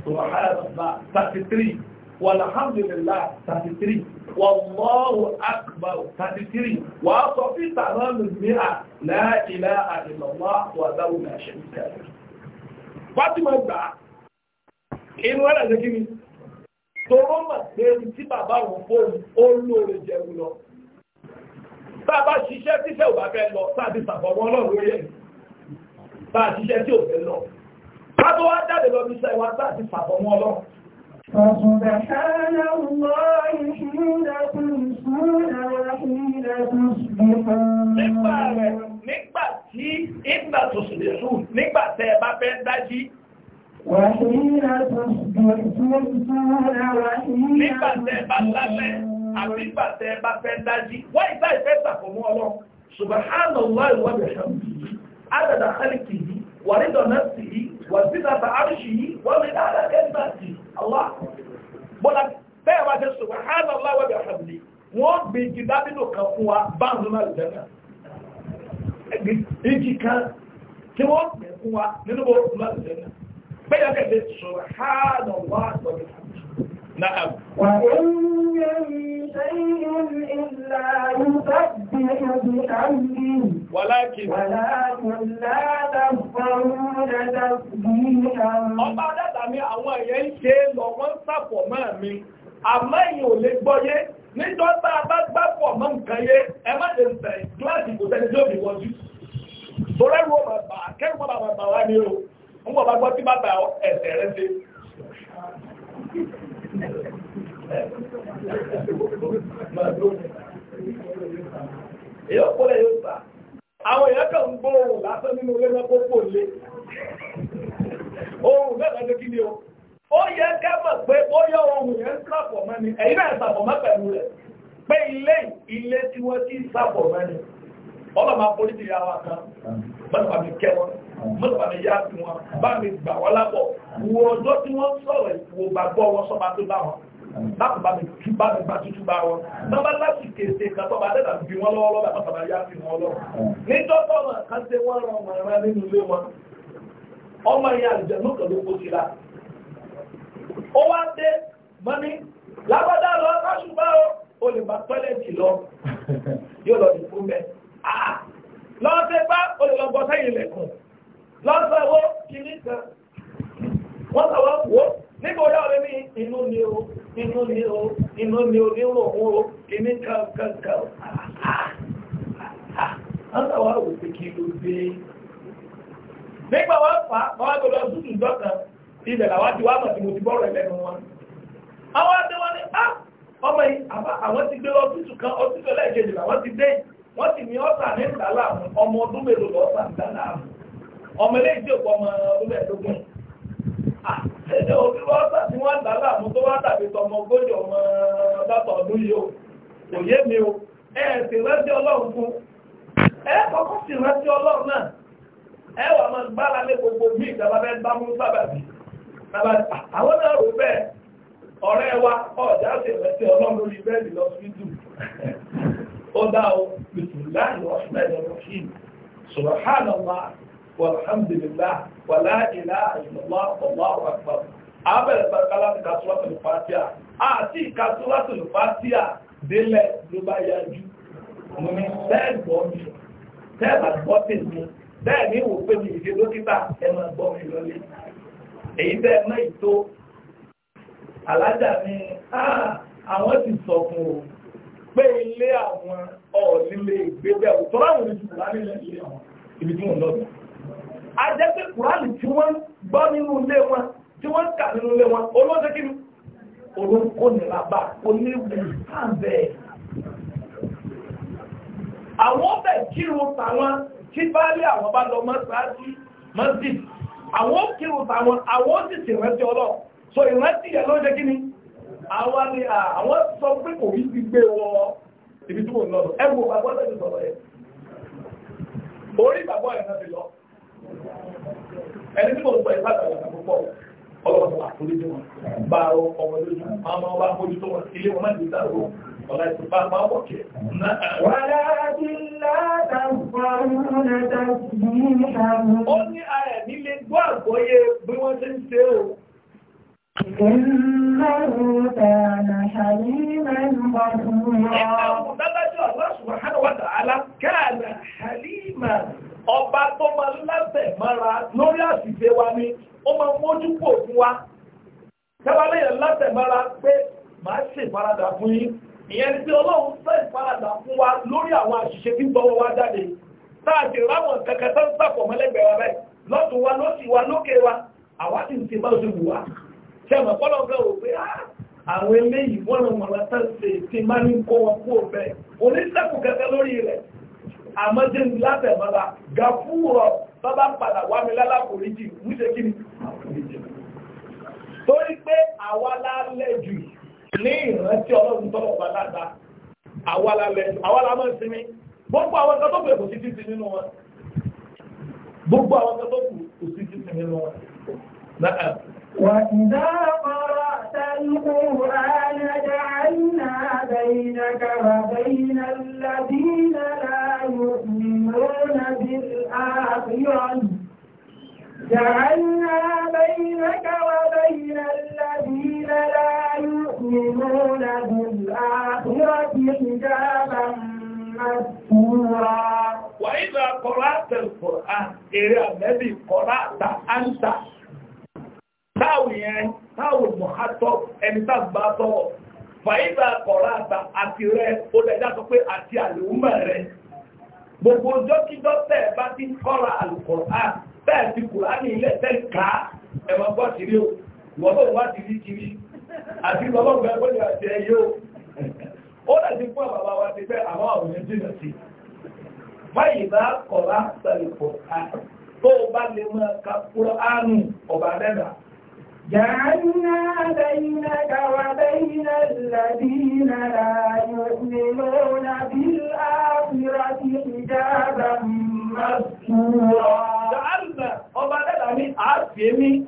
sùwàhálàlá 33 wàlàhàmdùlélà 33 wàlọ́wù akbar 33 wà sọ fí tààránù ní à láìlá àìlọ́wà wà dáwùn àṣẹ́ríkà Fátímọ̀ gbà inú ẹ̀rẹ̀ jẹ́ kí ni? Torọ́mà pé tí bàbá òun fóònù ó lóore jẹun lọ bá bá ṣiṣẹ́ tíṣẹ́ ò bá fẹ́ lọ sáàbí sàfọwọ́ ọlọ́run lórí bá ṣiṣẹ́ tí ò fẹ́ lọ bá wá jáde lọ bí iṣẹ́ sáàbí sàfọwọ́ ọlọ́run فسبحان tó sì lè sùn nígbà bá fẹ́ àbí bàtẹ́ bá fẹ́ dájí wọ́n ìgbà ìfẹ́ sàfọ̀mọ́ ọlọ́run subhanallahi wa bihamdihi adada khalqihi wa rida nafsihi wa zinata arshihi wa midada kalimatihi Allah bọ́lá bẹ́ẹ̀ wá jẹ́ subhanallahi wa bihamdihi wọ́n gbé igi dábìlò kan fún wa báńdù náà lẹ́nà igi kan tí wọ́n gbé fún wa nínú bó náà lẹ́nà bẹ́ẹ̀ kẹ́kẹ́ subhanallahi wa bihamdihi na'am. wà á ń yẹ بأمره ولكن ولكن لا تفضلون تفضيلا ọba dátà mi àwọn èèyàn ń ṣe lọ wọ́n sàpọ̀ máa mi àmọ́ èyàn ò lè gbọ́yé níjọ́ta bá gbápọ̀ mọ́ nǹkan yé ẹ má lè tẹ̀ gíláàsì kò tẹ́lẹ̀ tí ó fi wọ́jú torẹ́rù ọmọ bà kẹ́rù mọ́ bàbá bà wá ní o ń bọ̀ bá gbọ́ tí bàbá ẹ̀sẹ̀ Thank you èyàn kúlẹ̀ yóò gbà àwọn èyàn kan ń gbọ́ ohun lásán nínú ilé náà pópò lé ohun mẹ́ta ló kí ni o ó yẹ ká mọ̀ pé ó yọ ohun yẹn ń sàpọ̀ mọ́ ni ẹ̀yin náà sàpọ̀ mọ́ pẹ̀lú rẹ̀ pé ilé ilé tí wọ́n ti sàpọ̀ mọ́ ni ọlọ́mọ àforíjì yà wá kan mọ́tò àmì kẹwọn mọ́tò àmì yá sí wọn bá mi gbà wọ́n lábọ̀ wo ọjọ́ tí wọ́n sọ̀rọ̀ ìwò wọn sọ́ba láti bá mi tú bá mi bá tútú bá wọn bábá láti kèsè kan tó bá dẹ́dà bí wọ́n lọ́wọ́ lọ́wọ́ àpapọ̀ bá yá sí wọn lọ́wọ́ níjọ́ tó wọn kan ṣe wọ́n ran ọmọ ẹran nínú ilé wọn ọmọ ìyá àjẹ́ lókè ló kó síra ó o ó lè bá tọ́lẹ̀tì lọ yóò lọ ní fún bẹ́ẹ̀ lọ́sẹ̀ bá ó lè lọ bọ́ sẹ́yìn lẹ̀kùn lọ́sẹ̀ wo kìíní kan wọ́n sọ wọ́n wò nígbà ó yá ọ̀rẹ́ inú ni o. inú ni o inú mi o ní ròhún o kìíní kankankan aláwọ̀ àwò kí ló dé nígbà wọ́n fà gbọ́dọ̀ sútù dọ́kan ilẹ̀ ti mọ̀ tí mo ti bọ́rọ̀ ẹlẹ́nu wọn àwọn adé ni á ah! ọmọ àwọn ti gbé lọ kan ọtún tó ti ti ọmọ ẹ̀jẹ̀ òbí wọ́n sà tí wọ́n dà láàmú tó wá tàbí tọmọ ogójì ọmọ ọdọ́tọ̀ ọdún yìí o kò yé mi o ẹ sì rántí ọlọ́run fún ẹ kọ́kọ́ sì rántí ọlọ́run náà ẹ wà máa gbára lé gbogbo bí ìjọba fẹ́ bá mú sábàbí àwọn náà rò bẹ́ẹ̀ ọ̀rẹ́ wa ọ̀já sì rántí ọlọ́run lórí bẹ́ẹ̀lì lọ sí jù ó dá o bìtùláì ọ̀sùn ẹ̀yọ̀ rọ̀ walhamdulillah wàlá ìlà ìlọ́lá ọ̀làwọ̀ àgbà àbẹ̀rẹ̀ pàtàkì láti ka Suratul Fatiha àti ìka Suratul Fatiha délẹ̀ ló bá yájú mo ní bẹ́ẹ̀ gbọ́ mi bẹ́ẹ̀ bá gbọ́ tè mi bẹ́ẹ̀ ní wò pé mi ìṣe dókítà ẹ máa gbọ́ mi lọlé èyí bẹ́ẹ̀ mọ́ ìtó alájà ni àwọn ti sọ fún o pé ilé àwọn ọ̀ọ́lílé ìgbébẹ̀ òtọ́láwọ̀ ní jùlọ nílẹ̀ ilé àwọn ibi tí wọ́n lọ́dọ̀ a jẹ́ pé kùránì tí wọ́n gbọ́ nínú ilé wọn tí wọ́n kà nínú ilé wọn olóòṣè kí ni olóńkó nìlá bá oníwù sáàbẹ̀ àwọn ọbẹ̀ kírun tàwọn tí bá rí àwọn bá lọ mọ́sáájú mọ́sí àwọn kírun tàwọn àwọn sì sì rántí ọlọ́ so ìrántí yẹn ló jẹ́ kí ni àwọn ni àwọn sọ pé kò rí ti gbé wọ ibi tí mo lọ ẹgbùn bàbá tẹ̀lé sọ̀rọ̀ yẹn orí bàbá yẹn náà ti lọ ẹni tí mo gbọ́ ìgbà tàbí púpọ̀ ọlọ́run àforíjì wọn bá ọ ọmọ lójú máa máa wá mójútó wọn ilé wọn má ti dá ọ ọ̀la ìtùpá máa wọ̀ kẹ́. wàlá ti láta fọ́nrún ẹ̀dá yìí ṣàmù. ó ní ara ẹ̀mí lè ń ṣe fún wọn. Ìnáwó tààlà Halima ń ọba tó máa lẹ́sẹ̀ mọ́ra lórí àṣìṣe wa ni ó máa mójú pò fún wa tẹ́wàléyàn lẹ́sẹ̀ mọ́ra pé máa ṣe ìfaradà fún yín ìyẹn ni ọlọ́run fẹ́ ìfaradà fún wa lórí àwọn àṣìṣe tí gbọ́wọ́ wa jáde táàtì ráwọn kẹ̀kẹ́ tó ń sàpọ̀ mọ́lẹ́gbẹ̀ẹ́ wa rẹ̀ lọ́tún wa lọ́sì wa lókè wa àwa sì ń ṣe bá oṣù wa ṣẹ̀mọ̀ pọ́lọ́ fẹ́ wò pé ah, àwọn eléyìí wọ́n ràn wọ́n lọ́tàn ṣe ti máa ń kó wọn kú òfẹ́ oníṣẹ́kù kẹ̀kẹ́ lórí rẹ̀ àmọ́ jẹ́ mi lábẹ̀ bàbá gàfúrọ̀ bàbá padà wá mi lálàkòríjì múṣe kí ni torí pé àwa lálẹ́ jù ní ìrántí ọlọ́run tọ́lọ̀ bá dáadáa àwa lálẹ́ jù àwa lámọ́ ìsinmi وإذا قرأت القرآن جعلنا بينك وبين الذين لا يؤمنون بالآخرة جعلنا بينك وبين الذين لا يؤمنون بالآخرة حجابا مستورا وإذا قرأت القرآن إلى الذي قرأت أنت táwù yẹn táwù mọ̀hátọ́ ẹni tábà a fàyíbà kọ̀rọ̀ àtà àti rẹ ó lẹ́jà sọ pé àti àlùmọ̀ rẹ gbogbo dókítọ́ tẹ̀ bá ti kọ́ra àlùkọ̀rọ̀ bẹ́ẹ̀ ti kùrá ní ilẹ̀ tẹ́ ká ẹ̀wọ̀n gbọ́ sí rí o ìwọ̀n wá ti rí kiri àti bàbá ògbà ẹgbẹ́ ni àti ẹyẹ o ó lè ti fún àbàbà wa ti fẹ́ àwọn àwọn sí fàyíbà kọ̀rọ̀ جعلنا بينك وبين الذين لا يؤمنون بالآخرة حجابا مستورا جعلنا وبدل من عاصمي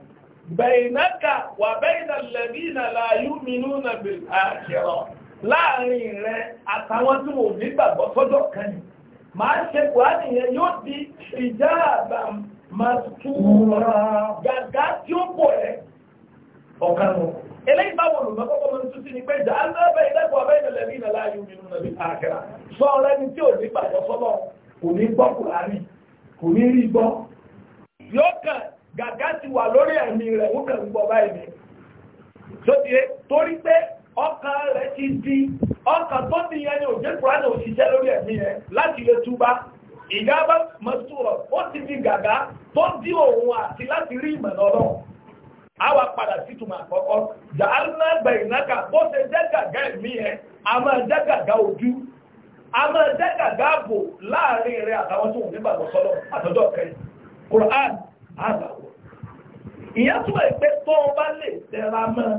بينك وبين الذين لا يؤمنون بالآخرة لا rẹ àtàwọn tí wọ́n ní gbàgbọ́ sọ́jọ́ kan ní máa ṣe pàdé yẹn ọ̀kan wọn eléyìí báwo lùmọ́ kọ́kọ́ mọ́ tún sí ni pé jà á bẹ́ẹ̀ ìdẹ́kọ̀ ọ̀bẹ́ ìdẹ̀lẹ̀ ní ìnàlá ayé omi nínú ìlú àkẹ́rà sọ ọ̀rẹ́ ni tí ò ní gbàgbọ́ sọ́lọ́ kò ní gbọ́ Kùránì kò ní rí gbọ́ yóò kàn gàgá ti wà lórí ẹ̀mí rẹ̀ ó kàn gbọ́ báyìí sóde torí pé ọkàn rẹ̀ ti di ọkàn tó ti yẹn ni òjé Kùránì òṣìṣẹ́ lórí ẹ̀mí rẹ̀ láti lè túbá ìgábá mọ́tò ó ti di gàgá tó di òun àti láti rí ìmọ̀nà ọlọ́run àwa padà sí ìtumọ̀ àkọ́kọ́ jàánà gbẹ̀yìnáka bó ṣe jẹ́ gàgá ẹ̀mí ẹ a máa jẹ́ gàgá ojú a máa jẹ́ gàgá ààbò láàrin rẹ àtàwọn tó wùn nígbàgbọ́ sọ́lọ́ àtọ́jọ́ kẹrin Quran àgbàwọ̀ ìyá túmọ̀ pé tó o bá lè tẹra mọ́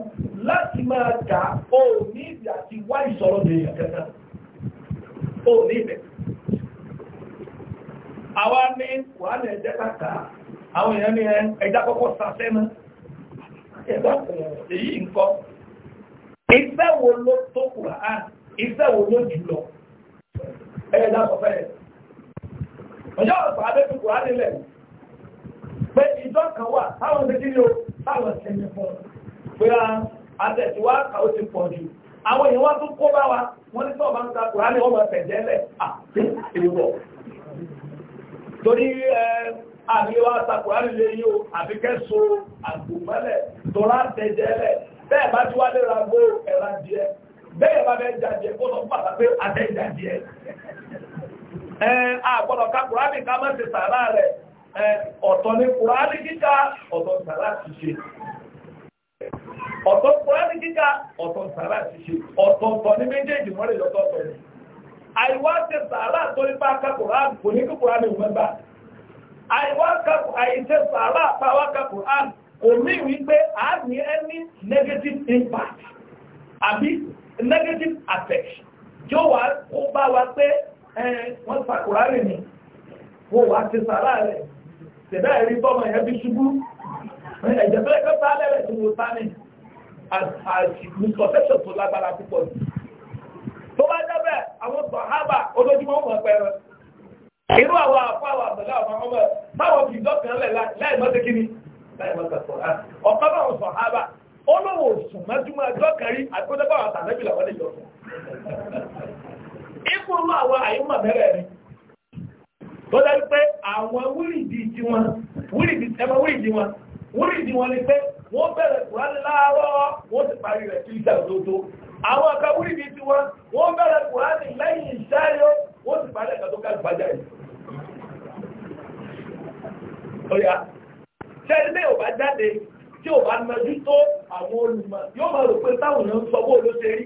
láti máa gà ó ní ìdí àti wá ìṣòro nìyẹn kẹta ó ní ibẹ̀ àwa ní wàhálà ẹ̀jẹ̀ kàkà àwọn èèyàn ní ẹja kọ́kọ́ sàfẹ́ mọ́ ẹ̀dọ́kùn èyí nǹkan ìfẹ́ wo ló tó Kùrán ìfẹ́ wo ló jùlọ ẹ̀yẹ dákọ̀ fẹ́ ọjọ́ ọ̀pọ̀ abẹ́tù Kùrán nílẹ̀ pé ìjọ kan wà táwọn ti kíni o táwọn ti ní fún pé àtẹ̀síwá kà ó ti pọ̀ jù àwọn èèyàn wá tún kó bá wa wọ́n ní sọ́ọ̀bá ń ta Kùrán ní ọmọ ẹ̀fẹ̀ jẹ́lẹ̀ àti ìwọ̀ torí àbílẹ̀ wá sàkùránì lè yí o àbí kẹ́sọ àgbòmọ́lẹ̀ tọ́lá tẹ̀jẹ̀lẹ̀ bẹ́ẹ̀ bá ti wá lè ra gbó ẹ̀rá abe bẹ́ẹ̀ bá bẹ́ẹ̀ jàjẹ́ kó pàtà pé àtẹ́jà díẹ̀ àgbọ̀dọ̀ ká kùránì ká ti sàrá rẹ̀ ọ̀tọ̀ ni kùránì kíkà ọ̀tọ̀ sàrá ti ṣe ọ̀tọ̀ kùránì kíkà ọ̀tọ̀ sàrá ti ṣe ọ̀tọ̀ ni méjèèjì mọ́rẹ̀ lọ́tọ̀ọ̀tọ̀ àìwá ti sàrá kò ní kí kùránì àìwákàkù àìṣe sàárà àpáwákàkù àn kò mí wípé a ní ẹni negative impact àbí negative affect yóò wá kó bá wa pé wọ́n sàkùrá rẹ̀ ni wọ́n wá ti sàárà rẹ̀ tẹ̀dá ẹ̀rí bọ́mọ̀ ẹ̀ bí ṣubú ẹ̀jẹ̀ bẹ́ẹ̀ kọ́ sáré rẹ̀ tó wọ́n sáré misconception tó lágbára púpọ̀ tó bá jẹ́ bẹ́ẹ̀ àwọn sọ̀hábà irú àwọn àfáwà àbẹ̀lá àwọn ọmọ báwọn fi dọ́kàn lẹ̀ láìmọ́tẹ́ kí ni láìmọ́tẹ́ kọ̀ọ̀rá ọ̀kan bá wọn sọ̀hábà olówó sùn mẹ́júmọ́ ẹjọ́ kẹrí àgbẹ́dẹ́gbà àwọn tí wọ́n bẹ̀rẹ̀ kùránì wọ́n ọ̀yà tẹ́lẹ̀ bẹ́ẹ̀ ò bá jáde tí ò bá mẹjú tó àwọn olùmọ̀ yóò máa rò pé táwọn èèyàn ń sọ bó ló ṣe rí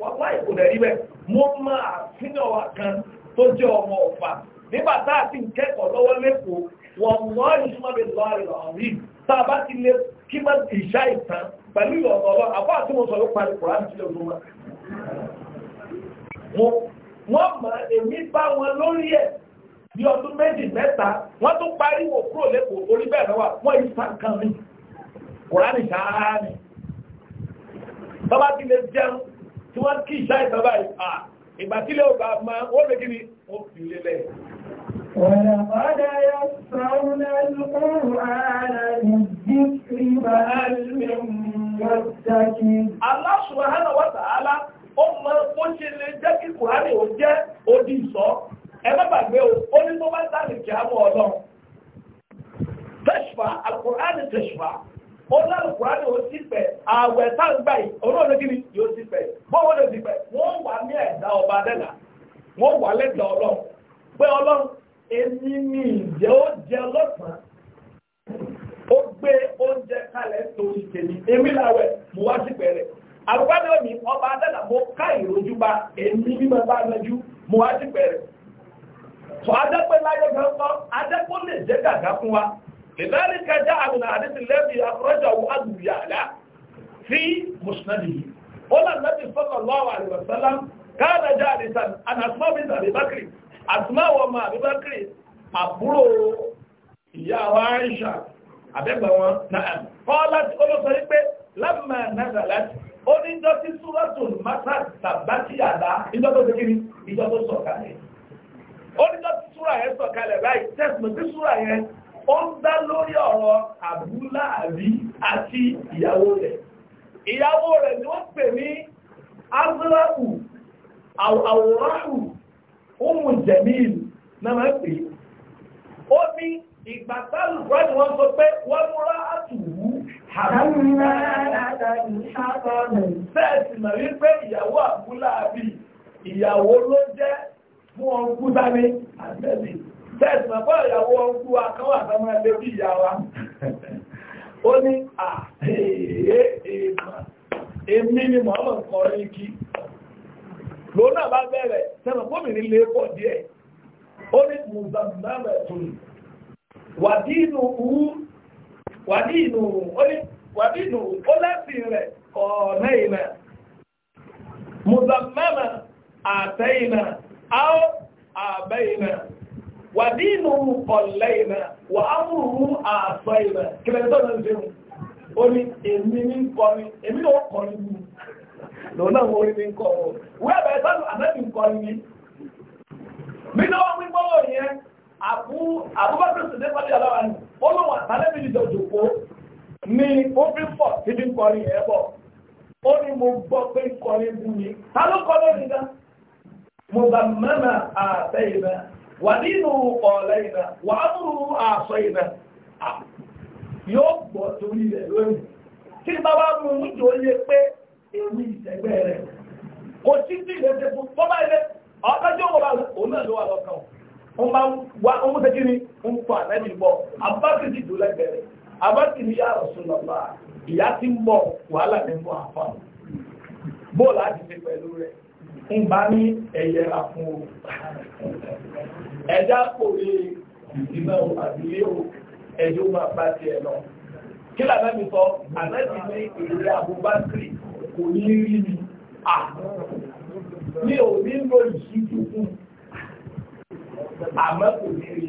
wọ́n láì kò dẹ̀ rí bẹ́ẹ̀ mo mọ àfihàn wa kan tó jẹ́ ọmọ ọ̀fà nígbà tá a ti ń kẹ́kọ̀ọ́ lọ́wọ́ lẹ́kọ̀ọ́ wọ́n mọ́ ìṣúná bẹ́ẹ̀ lọ́wọ́ bí ọdún méjì mẹ́ta wọ́n tún pariwo kúrò lẹ́kọ̀ọ́ orí bẹ́ẹ̀ lọ́wọ́ wọ́n yí sàǹkan mi kùránì sáárá ni bàbá lè jẹun tí wọ́n ma ó lè kí ni ó fi lè lẹ́ Ọ̀rọ̀mọ́dá yọ sọ́rọ̀lẹ́ lóòrùn ó mọ́ ó ṣe lè jẹ́ kí Kùránì jẹ́ ẹ má o ó ní tó bá ń dáàbì kí ọlọ́run tẹ̀sùfà alukur'ani tẹ̀sùfà ó ní alukur'ani ó sì pẹ̀ ààwẹ̀ tá yìí òun náà kiri yóò sì pẹ̀ bọ́wọ́ ló sì wọ́n wà ní ẹ̀dá ọba dẹ́là wọ́n wà lẹ́dàá ọlọ́run pé ọlọ́run èmi ni ìjẹ́ ó jẹ lọ́sàn-án ó gbé oúnjẹ kalẹ̀ torí tèmi èmi làwẹ̀ mo wá sí pẹ̀rẹ̀ àlùkò omi ọba adẹ́là mo ká ìrojú bá èmi bí mo bá mo sọ adẹ́pẹ́ láyé gan kọ́ adẹ́pọ́ lè jẹ́ gàgá fún wa ìdárí kẹjá àmìnà àdìsí lẹ́bi àkọ́rọ́jà wo àdùyà àlá sí mùsùlùmí yìí ó là lẹ́bi sallallahu alaihi wasallam káàdà já àdìsàn ànàsọ́ mi àtúmáwọ̀ ọmọ àbí àbúrò ìyá wa Àìṣà wọn náà kọ́ oníjọ́ tí súra yẹn sọ kalẹ̀ báyìí tẹ́sùmọ̀ tí súra yẹn ó ń dá lórí ọ̀rọ̀ àbúláàbí àti ìyàwó rẹ̀ ìyàwó rẹ̀ ni wọ́n pè ní azrahu àwòráhù umu jamil náà pè ó ní ni wọ́n sọ pé wọ́n múra àtùwú Bẹ́ẹ̀ sì mọ̀ wípé mú ọgbú dání àtẹ́lì bẹ́ẹ̀sì mọ̀ ìyàwó ọgbú akọ́wà sọmọ ẹgbẹ́ bí ìyá wa ó ní àhẹ́ẹ̀ẹ́ èmi ni mọ̀ọ́mọ̀ kọrin kí lóun náà bá bẹ̀rẹ̀ sẹ́mọ̀ gómìnir lè pọ̀ díẹ̀ ó ní mùsàmùsàmù tún wàdínú wàdínú ó lẹ́sìn rẹ̀ kọ̀ọ̀nà ìmẹ̀ mùsàmùmẹ́mẹ̀ àtẹ́yìnà aw abayna wa dinuhu qallayna wa amruhu asayna kílẹ̀ tó lọ sí mu ó ní èmi ní kọrin o ní ó kọrin mu lòun náà wọ́n ní kọ́ ọ wíwá bẹ̀rẹ̀ sọ́dún àtẹ́bí kọrin ni mi náà wọ́n gbọ́ wọ̀ yẹn àbú àbúbákùn sì di ọlọ́wà ni ó ni mo pé ni ta ló مضمما آتينا ودينه قالينا وأمره أعصينا yóò wà lọ́kàn òun bá wá òun tẹ́ kí rẹ̀ ń bá ní ẹ̀yẹra fún o ẹ̀dá kò rí ìdínà àdílé o ẹjọ́ máa bá ti ẹ̀ lọ kí làbẹ́ mi sọ àmẹ́sì ní èrè àbúbákiri kò ní rí mi à mi ò ní lo ìṣíjú fún àmọ́ kò ní rí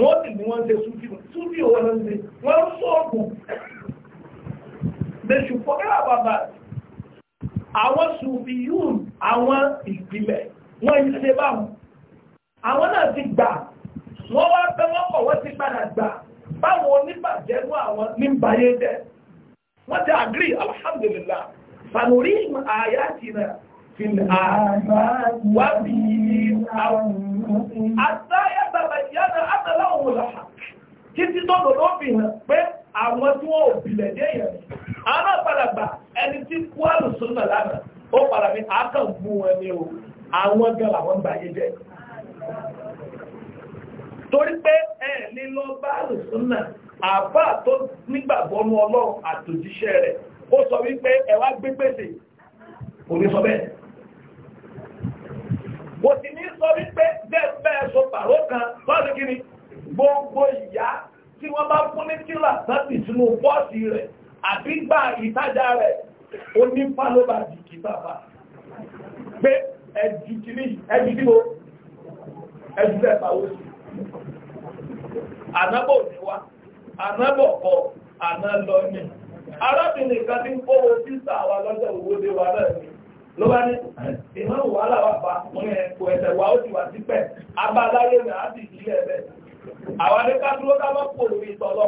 wọ́n sì ní wọ́n ṣe súfì súfì owó ló ń ṣe wọ́n ń sọ́ọ̀gùn they should forget about that àwọn súfì yóò àwọn ìpìlẹ̀ wọ́n ń ṣe báwọn àwọn náà ti gbà wọ́n wá pẹ́ wọ́n kọ̀ wọ́n ti padà gbà báwọn oníbàjẹ́ mú àwọn ní báyé jẹ́ wọ́n ti àgírí alhamdulillah sanuri àyàtì náà fi àgbà wábìí àwọn àtàyàtàlà ìyára àtàlà òun làhà títí tó lòdó fi hàn pé àwọn tí wọ́n òbílẹ̀ dé yẹn àwọn padà gbà ẹni tí kú àlùsùn náà lánàá ó padà ní àákàn fún wọn ni o àwọn gan làwọn gbà yé jẹ torí pé ẹ ní lọ bá àlùsùn náà àbá tó nígbàgbọ́nú ọlọ́run àtòjíṣẹ́ rẹ̀ ó sọ wípé ẹ wá gbé pèsè kò sì ní sọ wípé bẹ́ẹ̀ so pàró kan lọ́dí kí ni gbogbo ìyá tí wọ́n bá fún ní tílà sáti sínú bọ́ọ̀sì rẹ̀ àbí gba ìtajà rẹ̀ ó ní pálọ́bà di kìtàbà pé ẹ̀jù kìíní ẹ̀jù dìbò ẹ̀jù rẹ̀ pàwó sí ànábọ̀ níwá ànábọ̀ kọ àná lọ ní arábìnrin kan tí ń kówó títà wa lọ́jọ́ òwúrọ̀ wa náà ní ló bá ní ìmọ̀ wàhálà wà pa wọ́n yẹn kò ẹ̀sẹ̀ wà ó ti wà sípẹ̀ abáláyé rẹ̀ á sì ìdílé ẹ̀bẹ̀ àwọn adéká dúró ká wọ́n pò lórí ìtọ́lọ́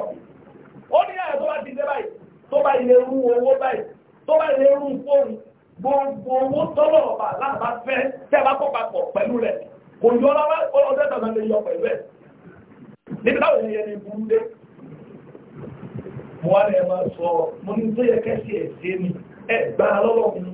ó ní àyà tó bá ti dé báyìí tó bá ilé rú owó báyìí tó bá ilé rú fóònù gbogbo owó tọ́lọ̀ ọ̀bà láàbá fẹ́ tẹ́ bá kó papọ̀ pẹ̀lú rẹ̀ kò yọ lọ́wọ́ ọdẹ tọ̀nà lè yọ pẹ̀lú ẹ̀ níbi táwọn èèyàn ní burú dé mo wá ní máa sọ mo ní tó yẹ kẹ́sì ẹ̀ sí ẹ̀ gbà lọ́wọ́ mi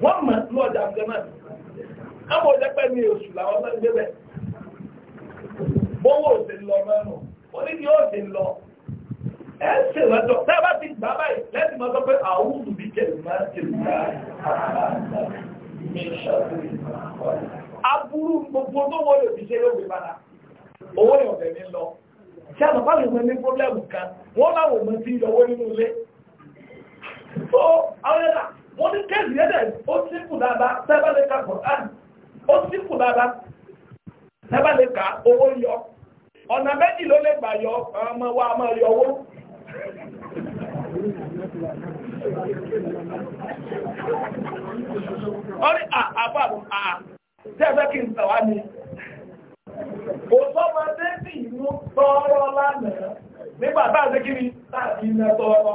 wọ́n mọ̀ lọ́jà gẹ́nà àwọn òjẹ́pẹ́ ní oṣù làwọn ọmọ ìgbé bẹ̀ bówó òsè lọ mẹ́nu oní ni ó sì lọ ẹ ń ṣe lọ́jọ́ tẹ́ bá ti gbà báyìí lẹ́sìn mọ́ sọ pé àwọn òbí kẹ̀lú máa ń kẹ̀lú aburú gbogbo tó wọlé òbí ṣe yóò gbé bára owó ìrọ̀lẹ́ ní lọ ṣé àtọ̀pá lè mọ ní pọ́blẹ́mù kan wọ́n láwọn ọmọ tí ń nínú ilé so àwọn ẹ̀dà wọ́n ní kéèsì yẹ́dẹ̀ ó ti kù dáadáa tẹ́bàlẹ̀ ka Kùránì ó ti kù dáadáa tẹ́bàlẹ̀ ka owó yọ ọ̀nà méjì ló lè gbà yọ ọmọ wa máa yọ owó ọ̀rí àbábọ̀ àà tẹ́ẹ̀fẹ́ kí n tàwá ni kò sọ́mọdé sí ìlú tọ́rọ lánàá nígbà a sí kí ni táà sí ilẹ̀ tọ́rọ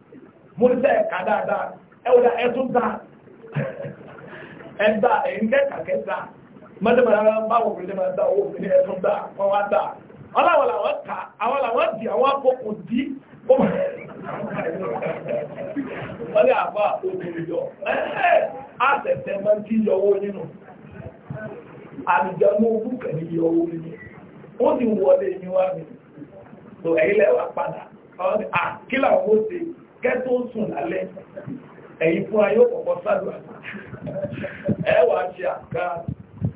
mo ní dáadáa ẹ̀wọ̀dà ẹ̀tún dá ẹ̀dá ẹ̀ńkẹ́kàkẹ́ dá mọ́tẹ́mọ̀lára ń bá wọ̀ fún ẹ̀dá dá owó fún ẹ̀tún dá wọ́n wá dá ọlọ́wọ́ làwọn kà àwọn làwọn di àwọn ní àbá máa ń yọ owó nínú yọ owó nínú ó sì wọlé wá mi tó ẹ̀yìn lẹ́wà padà àkílà owó ṣe kẹ́tó sùn lálẹ́ ẹ̀yìn fún ayé ọ̀pọ̀ sádùá ẹ wà ṣe àká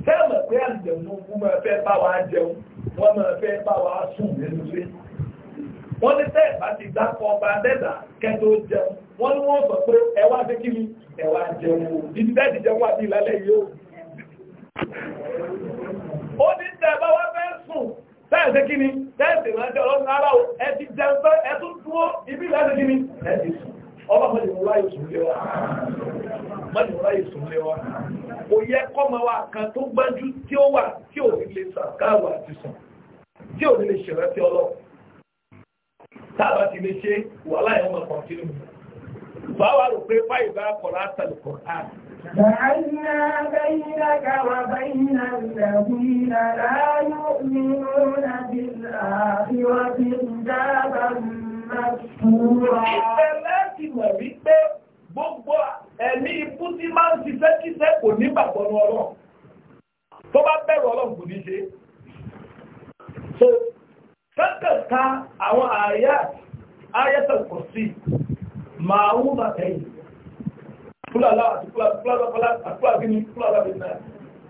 fẹ́ẹ̀mọ̀ pé àjẹ̀mú fún mọ́ fẹ́ bá wa jẹun wọ́n mọ́ fẹ́ bá wa sùn nínú ilé wọ́n ní tẹ́ẹ̀ bá ti dákọ̀ ọba dẹ́dà kẹ́tó jẹun wọ́n ní wọ́n sọ pé ẹ wá sí kí ni ẹ wá jẹun o ibi tẹ́ẹ̀dì jẹun wà bí ìlàlẹ́ yìí ó ní tẹ́ẹ̀ bá wá fẹ́ sùn tẹ́ẹ̀sẹ̀ kí ni tẹ́ẹ̀sẹ̀ ìrànjẹ́ ọlọ́run ara ẹ ti jẹun tán ẹ tún dúró ibi ìrànjẹ́ kí ni ẹ ti sùn ọba mọ́lẹ̀ mọ́lá ìsúnlé wa mọ́lẹ̀ mọ́lá ìsúnlé wa kò yẹ kọ́mọ wa kan tó gbájú tí ó wà tí ò ní lè sàkáàwà àti sàn tí ò ní lè ṣẹ̀rẹ́ tí ọlọ́ táàbà ti lè ṣe wà láyé ọmọ kan tí ó mú bá wà rò pé fáìbá kọ̀ látàlùkọ̀ ààrùn جعلنا بينك وبين الذين لا يؤمنون بالآخرة حجابا مستورا Gbogbo ẹ̀mí ikú tí máa ń ṣiṣẹ́ kíṣẹ́ kò ní gbàgbọ́nú ọlọ́run. Tó bá bẹ̀rù ọlọ́run kò ní ṣe. So, kẹ́kẹ̀ẹ́ka àwọn àyà ayẹ́tẹ̀kọ̀ sí, màá wú bàtẹ́yìn fúlàlá àti fúlàlá àti fúlàbíní fúlàbíní náà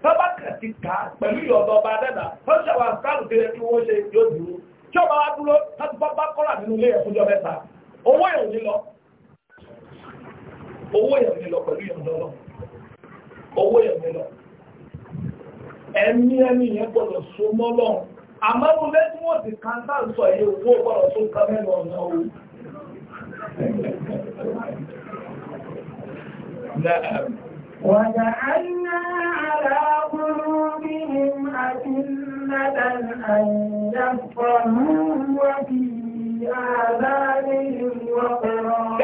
sábà kàtí ká pẹ̀lú ìyọ̀dọ̀ ọba adẹ́dà fọ́nṣẹ́ wa sáàlù tẹ́lẹ̀ tí wọ́n ṣe yóò dúró tí ọba wa dúró láti bá bá kọ́là nínú ilé ẹ̀fúnjọ mẹ́ta owó èèyàn ní lọ owó èèyàn ní lọ pẹ̀lú ìyọ̀dọ̀ lọ owó èèyàn ní lọ ẹ̀mí ẹni yẹn gbọ́dọ̀ so mọ́ lọ́run àmọ́ mo lé tí wọ́n ti kan sáà sọ èyí owó gbọ́dọ̀ so nǹkan mẹ́rin ọ̀nà owó wada وجعلنا على قلوبهم أكنة أن يفقهوا وفي آذانهم وقرا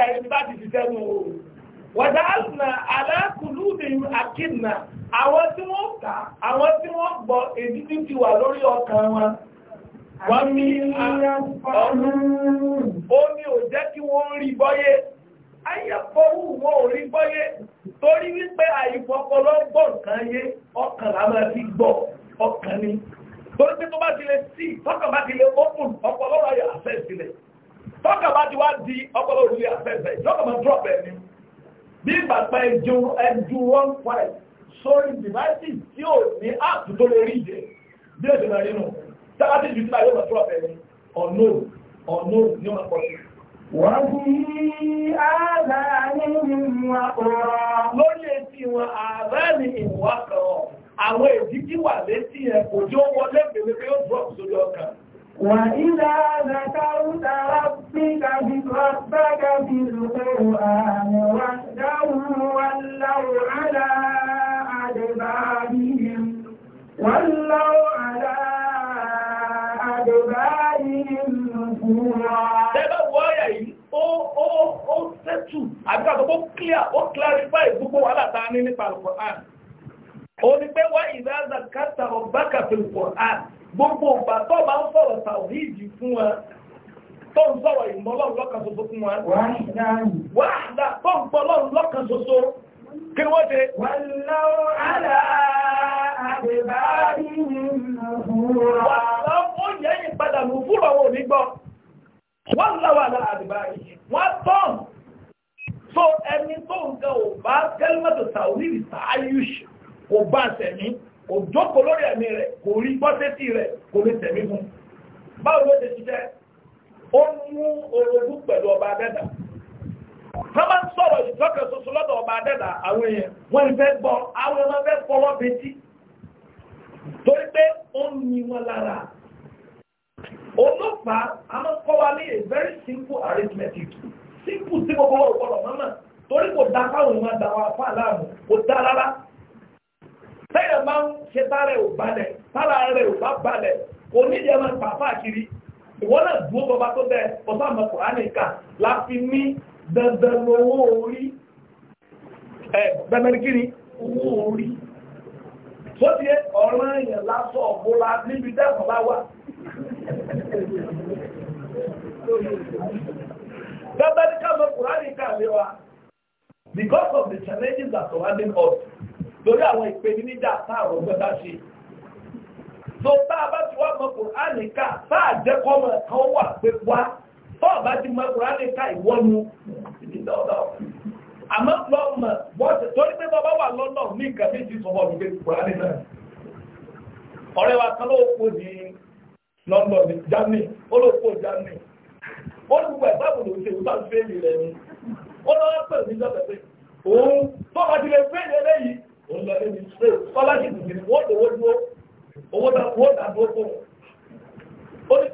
وجعلنا على قلوبهم أكنة àwọn tí wọ́n kà àwọn tí wọ́n gbọ́ ti wà lórí ọkàn wọn wọ́n ah, mi ọ̀rùn ó ní ò jẹ́ kí wọ́n rí bọ́yé ayẹ́fọ́wù wọn ò rí gbọ́yé torí wípé àìfọpọlọ gbọ́ nǹkan yé ọkàn la máa fi gbọ́ ọkàn ni torí pé tó bá ti lè sí tọ́kàn bá ti lè open ọpọlọ ayọ̀ àfẹ́ sílẹ̀ tọ́kàn bá ti wá di ọpọlọ òrùlé afẹ́fẹ́ tọ́kàn máa drop ẹ̀ ni bí ìgbàgbà ẹ̀jú ẹ̀jú one five sórí dìbáìsì tí ò ní app tó lè rí ìdè bí èdè náà nínú tábàtì ju tí a yóò máa drop ẹ̀ ni ọ̀nà ọ̀nà ni ó máa pọ̀ وفي آذانهم وقرا lórí etí wọn آذانهم وقرا àwọn èdí tí wà létí ẹ kò jọ wọlé pẹ̀lú pé ó drop sórí ọkàn وإذا ذكرت ربك بربك في القرآن وحده ولوا على أدبارهم ولوا على أدبارهم ó sẹ́tù àbíkàtọ̀ ó clear ó clarify gbogbo wàhálà tá ní nípa alukur'an ó ní pé wá ìdáza kátà ọ̀bákà fún alukur'an gbogbo ọba tó bá ń sọ̀rọ̀ tàwíìdì fún wa tó ń sọ̀rọ̀ ìmọ̀lọ́run lọ́kan ṣoṣo fún wa wàhálà tó ń gbọ́lọ́run lọ́kan ṣoṣo kí wọ́n ṣe wàlọ́run àlà àdìbáyìn nùfúrọ̀ wàlọ́run ó yẹ́yìn padà nùfúrọ̀ wọn ò ní wọ́n láwà láàdìbá yìí wọ́n tán so ẹni tó ń gan ò bá kẹ́lẹ́mọ́tò sàúrìrì sàáyùṣ kò bá sẹ̀mí kò jókòó lórí ẹ̀mí rẹ̀ kò rí gbọ́sẹ́tì rẹ̀ kò lè sẹ̀mí fún báwo ló ti ṣiṣẹ́ ó mú orogún pẹ̀lú ọba adẹ́dà wọ́n máa ń sọ̀rọ̀ ìtọ́kẹ̀ soso lọ́dọ̀ ọba adẹ́dà àwọn èèyàn wọ́n fẹ́ gbọ́ àwọn ọmọ fẹ́ fọwọ́ betí torí pé ó ń ní wọn lára olófàá a máa kọ́ wa ní a very simple arithmetic simple tí gbogbo wọn gbọ́dọ̀ mọ́mọ́ torí kò dá káwọn ìwọ̀n dá wa fún aláàmù kò dá rárá tẹ́yẹ̀ máa ń ṣe tààrẹ ò balẹ̀ tààrà rẹ̀ ò bá balẹ̀ kò ní ìyẹn máa pàfà kiri ìwọ́n náà dúró bọba tó bẹ ọ̀sán àmọ́ kùránì kà láti ní dandan lówó orí ẹ̀ bẹ́ẹ̀ kiri owó orí tó ti ọ̀ràn èèyàn lásọ̀ ọ̀bọ̀lá níbi dẹ́kọ̀ọ́ bá wà Bàbá ní káàmọ́ Kùránì káàmé wa because of the challenges that surrounding us lórí àwọn ìpèníjà táàrọ̀ gbọ́dá ṣe. So tá a bá ti wá mọ Kùránì ká táà jẹ́ kọ́mọ kan wà pé wá tó o bá ti mọ Kùránì ká ìwọ́nu ìdílé ọ̀dọ́. Àmọ́ lọ mọ̀ bọ́ọ̀sì torí pé bàbá wà lọ́nà ní nǹkan méjì sọ̀rọ̀ mi pé náà. Ọ̀rẹ́ wa kan ló kó ní London ní Germany ó Germany ó ní gbogbo ẹ̀fọ́ àbùdó ṣe ìwúta ń fẹ́ẹ̀lì ni ó lọ́wọ́ pẹ̀lú ní ìjọba òun tó bá ti lè fẹ́ẹ̀lì eléyìí òun lọ lébi ṣe kọ́láṣì tuntun ni wọ́n lówó dúró owó dàdúró fún un ó ní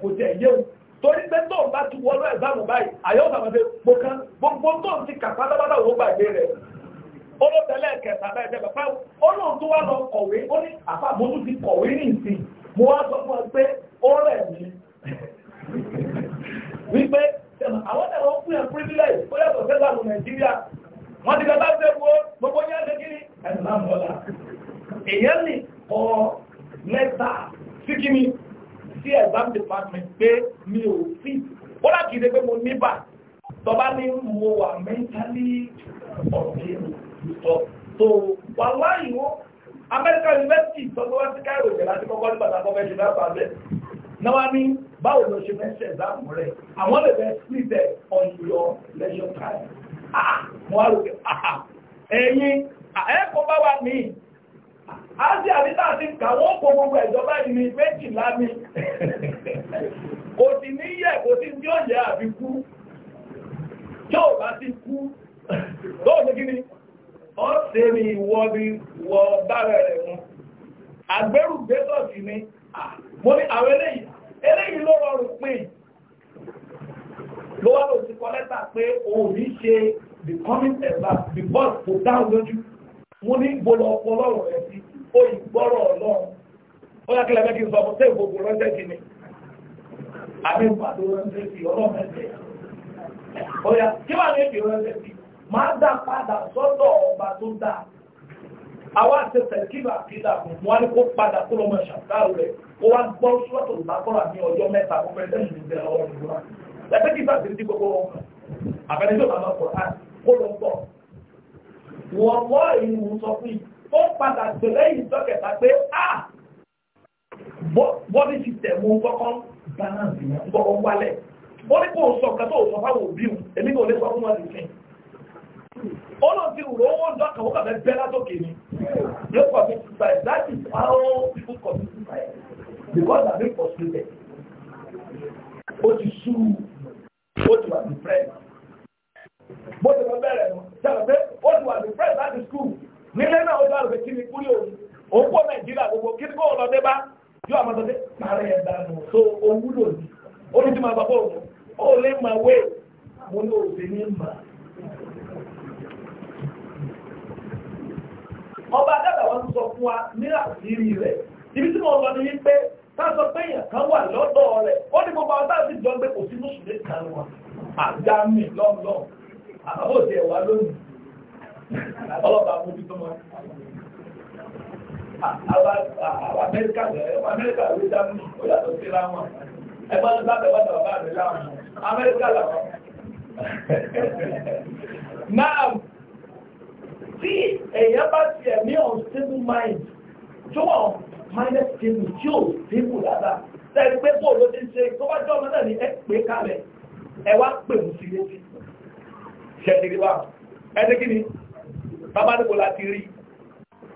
gbogbo tó ń ti kà pátápátá òun rẹ̀ mo wá sọ fún ẹ pé ó rẹ̀ mí wípé àwọn ẹ̀rọ fún ẹ̀ privilege ó yàtọ̀ sẹ́lá ní Nàìjíríà wọ́n ti gbàgbá fẹ́ wo gbogbo ní ẹ̀ṣẹ́ kiri ẹ̀sìn náà mọ́lá èyàn lè kọ lẹ́tà sí kíni sí exam department pé mi ò sí ó láti ṣe pé mo níbà tọ́ba ní mo wà mentally ọ̀gbìn tó wà láyìí wọ́n amẹ́ríkà yunifásitì tọ́gbọ́n wá sí káàrò ìjẹ̀ láti kọ́kọ́ ní pàtàkọ́ fẹ́ ṣe bá bá bẹ́ẹ̀ náà wá ní báwo lọ ṣe mẹ́ṣẹ̀ ìdáàmú rẹ̀ àwọn lè bẹ́ẹ̀ split ẹ̀ on your leisure time ah, wọ́n á rò pé ah, ah, ẹ̀yin ẹ̀kọ́ bá wà ní àti àríta àti kàwọn kò gbogbo ìjọba ìní méjìlá ni kò sì ní yẹ kò sí tí ó yẹ àbí tí ò bá ti kú tó ò ó tèmi ìwọ bí wọ bára rẹ̀ mú agbẹ́rù gbẹ́sọ̀ sí ni mo ní àwọn eléyìí eléyìí ló rọrùn pín ló wá lò sí kọ́lẹ́tà pé òun ní ṣe becoming ẹ̀bà boss kò dáhùn lójú mo ní gbọ́dọ̀ ọpọlọ́rọ̀ rẹ̀ sí òyìnbọ́rọ̀ ọlọ́run ó yá kílẹ̀ mẹ́kì sọ fún gbogbo ránṣẹ́ sí ni àbí ìpàdé ránṣẹ́ sí ọlọ́run ẹ̀sẹ̀ ó yá kí máa dá padà sọ́dọ̀ ọba tó dá àwọn àti tẹ̀kíbà kídà fún wọn ni kó padà kó lọ́mọ ṣàtàrù rẹ̀ ó wá gbọ́ sọ́tò lákọ́rà ní ọjọ́ mẹ́ta ó fẹ́ tẹ́lẹ̀ ní ìbẹ̀rẹ̀ ọ̀rọ̀ ìgbà ẹgbẹ́ kí sáà ti di gbogbo wọn kan àbẹ̀rẹ̀ tó bá lọ kọ̀ á kó lọ bọ̀ wọ́n mọ́ ìlú sọ fún yìí ó padà tẹ̀lé ìtọ́kẹ̀ta pé á bọ́dí ti tẹ̀ mú kọ́kọ́ balance yẹn ń wálẹ̀ bọ́dí kò sọ sọ fáwọn òbí olóòtú ìwúrò owó dọ́kà ó kàfẹ́ bẹ́ látòkè ni yóò kọ̀ fi gbà ẹ̀ that is how people kọ̀ fi gbà because I been frustrated ó ti sú ó ti wà depressed bó ti lọ bẹ̀rẹ̀ sábà pé ó ti wà depressed láti school nílé náà ó ti wà lópe kí ni kúrò òun òun kó nàìjíríà gbogbo kí ni kó lọ dé bá yóò àmọ́ sọ pé ẹ̀ dànù so owúlò ni ó máa bá bọ́ọ̀lù ó lè máa wé mo ní òsè ní màá. ọba dada wọn sọ fún wa rẹ ibi tí mo lọ ní wípé káàsọ péyàn kan wà lọ́dọ̀ rẹ ó ní gbogbo àwọn táàbí jọ pé kò sí mùsùlùmí kan wọn àgbà mi lọ́mlọ́ àbábò tí ẹ̀ wá lónìí ọlọ́ba tó àwọn amẹ́ríkà amẹ́ríkà mi ó yàtọ̀ sí ra wọn ẹgbẹ́ ló láwọn amẹ́ríkà tí èèyàn bá ti ẹ̀mí on stable mind tó wọ́n minded stable tí ò stable dáadáa tẹ́lẹ̀ pé bó ló ti ṣe tó bá jẹ́ ọmọ náà ní ẹ pé kalẹ̀ ẹ wá pè mú sí létí ṣẹ̀dìrí wa ẹni kí ni bàbá níbo la rí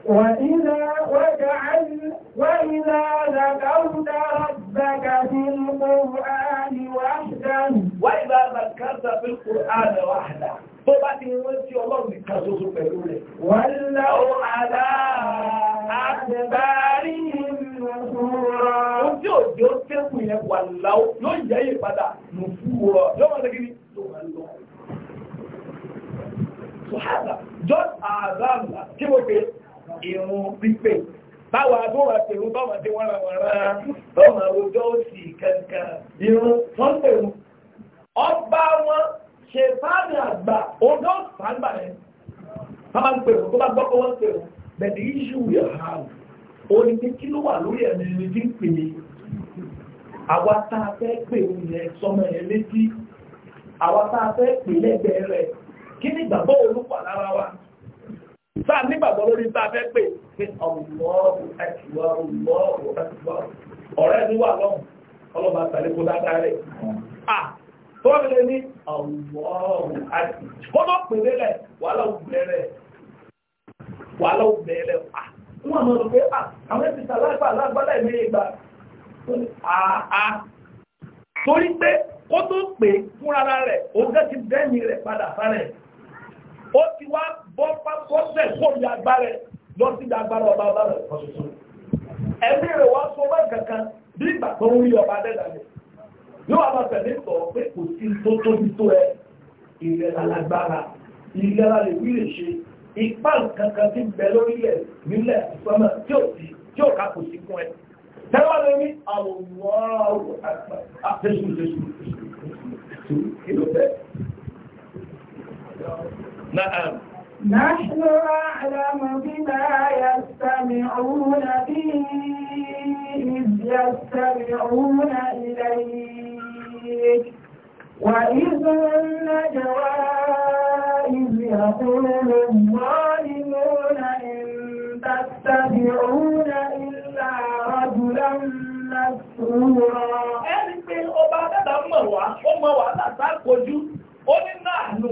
وإذا وجعل وإذا ذكرت ربك في القرآن وحده وإذا ذكرت في القرآن وحده tó bá ti wọ́n tí ọlọ́run nìkan ṣoṣo pẹ̀lú rẹ̀. wọ́n lọ àdá àtẹ̀bárí nùfúrọ̀. ó tí òjò tẹ́kù yẹn wà láwọ́ yóò yẹ yé padà nùfúrọ̀ yóò wọ́n lẹ́gí ní tó wà lọ. sùhádà john àdáàmù kí mo pè é ìrun pípè báwo abúrò àtẹ̀rù bọ́mọ̀ tí wọ́n ràn rán bọ́mọ̀ àwùjọ òsì kankan ìrun wọ́n pèrú ọba wọn ṣe fáàmì àgbà ọjọ́ fàgbà rẹ̀ bá ń pèrú tó bá gbọ́ pé wọ́n pèrú bẹ̀dẹ̀ iṣu yẹ̀ ha ó ní pé kí ló wà lórí ẹ̀mí ẹni tí ń pè é àwa tá a fẹ́ pè ó yẹ sọmọ ẹ̀ létí àwa tá a fẹ́ pè lẹ́gbẹ̀ẹ́ rẹ̀ kí ni ìgbàgbọ́ olùpàlára wa sáà nígbàgbọ́ lórí tá a fẹ́ pè pé ọ̀wọ́ọ̀wọ́ ẹ̀kìwọ́ ọ̀wọ́ọ̀wọ́ ẹ̀kìwọ́ ọ̀rẹ́ ni wà lọ́hùn ọlọ́ba tàlẹ́ kó rẹ̀ ah tó wà lè ní ọ̀wọ́ọ̀wọ́ ẹ̀kìwọ́ kọ́nà pèlè rẹ̀ wàhálà òbẹ̀ ah wọ́n mọ̀ lọ pé ah àwọn ẹ̀sìn sàlágbà lágbàlá ẹ̀mí ìgbà ah torí pé kó tó pè fúnra rẹ̀ òun gẹ́ ti dẹ́mi rẹ̀ padà sára ó ti wá bọ́ pàṣẹ fóònù agbára lọ sí agbára ọba ọba rẹ̀ kọ́sọ̀tún ẹ̀mí rẹ̀ wá sọ bá kankan bí ìgbà tó ń rí ọba dẹ́dà rẹ̀ yóò wá tẹ̀lé sọ pé kò sí tó tóbi tó ẹ ìlera lágbára ìlera lè wí lè ṣe ipá kankan ti bẹ lórílẹ̀ nílẹ̀ ìfọ́mọ̀ tí ò sí tí ò ká kò sí fún ẹ tẹ́wọ́ lè ní àwòrán àtẹ́sùn ìṣẹ́sùn ìṣẹ́sùn نعم نحن أعلم بما يستمعون به إذ يستمعون إليك وإذ النجوى إذ يقول الظالمون إن تتبعون إلا رجلا مسرورا ẹni pé ọba dẹ́dà mọ̀ wá ó mọ̀ wá látàkójú ó ní náà nù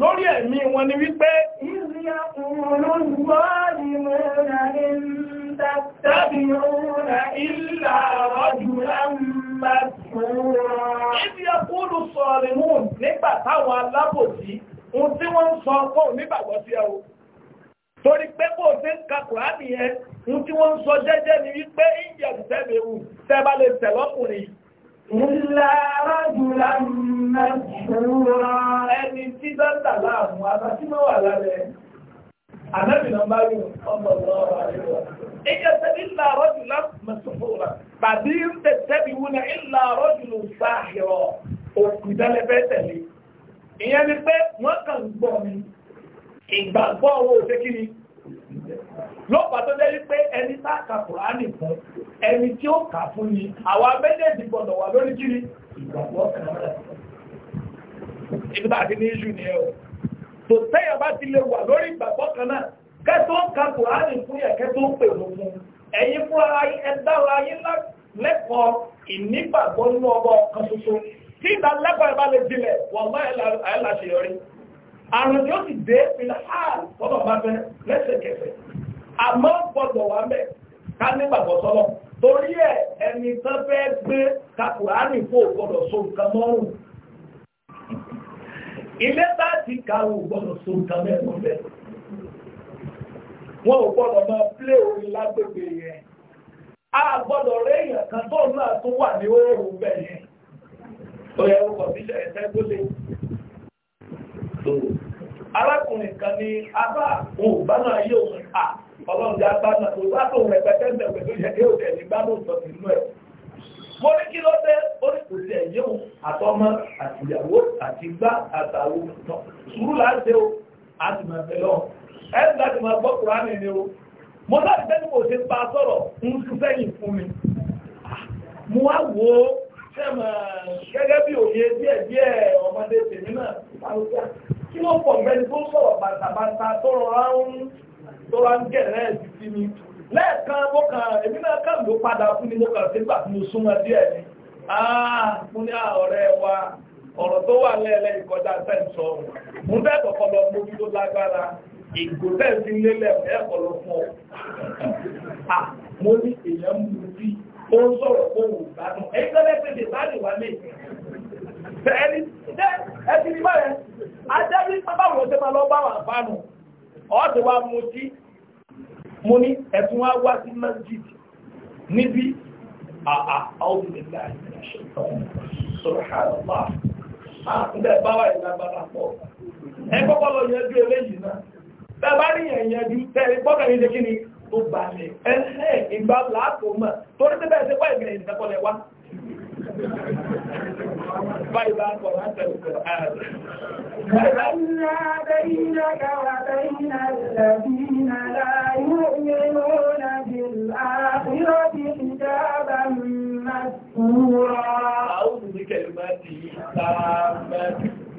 lórí ẹ̀mí wọn ni wípé Ibi akúrù sọ̀rì mún nígbà táwọn alábòsí, ohun tí wọ́n ń sọ kọ́ nígbàgbọ́ sí ẹ o. Torí pé kò tí ń ka Kùránì ẹ, ohun tí wọ́n ń sọ jẹ́jẹ́ ni wípé ìyẹ̀ tẹ́bẹ̀rù tẹ́bà lè tẹ̀lọ́kùnrin. Ìlà arájùlá mẹ́sùúra ẹni tí dátà láàmù àtàtímọ̀ wà lálẹ́. Àdábìnà bá rí ọmọ lọ́wọ́ àríwá. Ìjẹ́ tẹ́bí ìlà arájùlá mẹ́sùúra. Bàbí ń tẹ̀tẹ́bí wúnà ìlà arájùlá sáàhìrọ̀ òkú ìdálẹ́fẹ́ tẹ̀lé. Ìyẹn ni pé wọ́n kàn gbọ́ mi. Ìgbàgbọ́ owó òṣèkiri. ẹni tí ó kà fún ni àwọn abẹ́jẹ̀dì gbọ́dọ̀ wà lórí kiri ìgbàgbọ́ kan ni o teyaba ti ka to lẹ́kọ̀ọ́ ìnígbàgbọ́ nínú ọgbọ́ kan ṣoṣo tí ìdánilẹ́kọ̀ọ́ ẹ̀ bá lè dilẹ̀ wọ́n bá àrùn tí ó dé ìlà tọ́lọ̀ bá fẹ́ àmọ́ torí ẹ, ẹni tán fẹ́ gbé kakùránì fò gbọ́dọ̀ so nǹkan mọ́rùn ilé bá ti kàwò gbọ́dọ̀ so nǹkan mẹ́rin bẹ́ẹ̀ wọn ò gbọ́dọ̀ máa plé orin lágbègbè yẹn a kan tó náà tó wà ní oòrùn bẹ́ẹ̀ yẹn tó yẹ orúkọ bíṣẹ ẹtẹgbólé arákùnrin kan ní abá òun ọlọ́run já bá náà tó bá tóun rẹpẹtẹ ń bẹ̀rẹ̀ tó yẹ kí òde ní gbádùn sọ sínú ẹ̀. mo ní kí ló dé oríṣiríṣi ẹ̀yẹ́ o àtọmọ àtìyàwó àtìgbà àtàwọ náà sùúrù là ń ṣe o a sì máa bẹ̀ lọ ẹ̀ ń láti máa gbọ́ kúránì ni o mo láti fẹ́ ni mo ṣe pa sọ̀rọ̀ ń sẹ́yìn fún mi mo wá wò ó sẹ́mọ̀ gẹ́gẹ́ bí òye díẹ̀ díẹ̀ ọmọdé tèmi náà kí ló pọ̀ mẹ́ni tó sọ̀rọ̀ bàtàbàtà tó rọra ń tó wá ń gẹ̀rẹ́ ẹ̀sì sí mi lẹ́ẹ̀kan mo kàn èmi náà kàn ló padà fún mi mo kàn sí gbà tí mo súnmọ́ díẹ̀ ni ah, mo ní ah, ọ̀rẹ́ wa ọ̀rọ̀ tó wà lẹ́ẹ̀lẹ́ ìkọjá tẹ̀sọ̀ mo ń bẹ́ẹ̀ kọ̀kọ́ lọ mójú tó lágbára ìgbòtẹ́ sí lélẹ̀ ẹ̀kọ́ lọ fún ọ mo ní èèyàn mú sí ó ń sọ̀rọ̀ fún ògbádùn ẹ̀yìn tó lẹ́sẹ̀ lè bá lè wá lè ẹni ọ̀ọ́dẹ̀ wa mú sí mo ní ẹ̀tún wá wá sí masjid níbi àà ọ̀dùnlélà ìṣẹ̀tọ̀ sọ̀rọ̀ àlọ́pà àtúndẹ̀ báwà ìlágbára pọ̀ ẹ kọ́kọ́ lọ yanjú eléyìí náà bẹ́ẹ̀ ni tó balẹ̀ ẹ̀hẹ́ ìgbà làákò mọ̀ torí bẹ́ẹ̀ ṣe wá فإذا قرأت القرآن فأنا بينك وبين الذين لا يؤمنون بالآخرة حجابا مستورا أعوذ بكلماته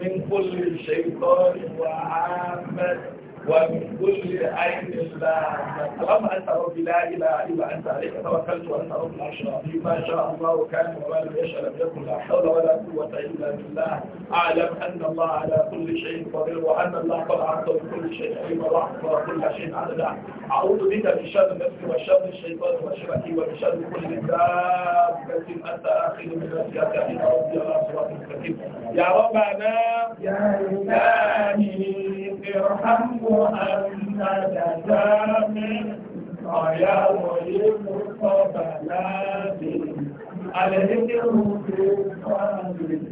من كل شيطان وعامة ومن كل آية اللهم أنت ربي لا إله إلا أنت عليك توكلت وأنت رب العرش العظيم ما شاء الله كان وما لم يشاء لم يكن لا حول ولا قوة إلا بالله أعلم أن الله على كل شيء قدير وأن الله قد عرضه بكل شيء علما وأحصى كل شيء عددا أعوذ بك من شر النفس وشر الشيطان وشركه ومن شر كل دابة أنت آخذ من نفسك إلى ربي على صراط مستقيم يا ربنا يا إلهي ارحمه أنك جامع يا ولي مصطفى الذكر في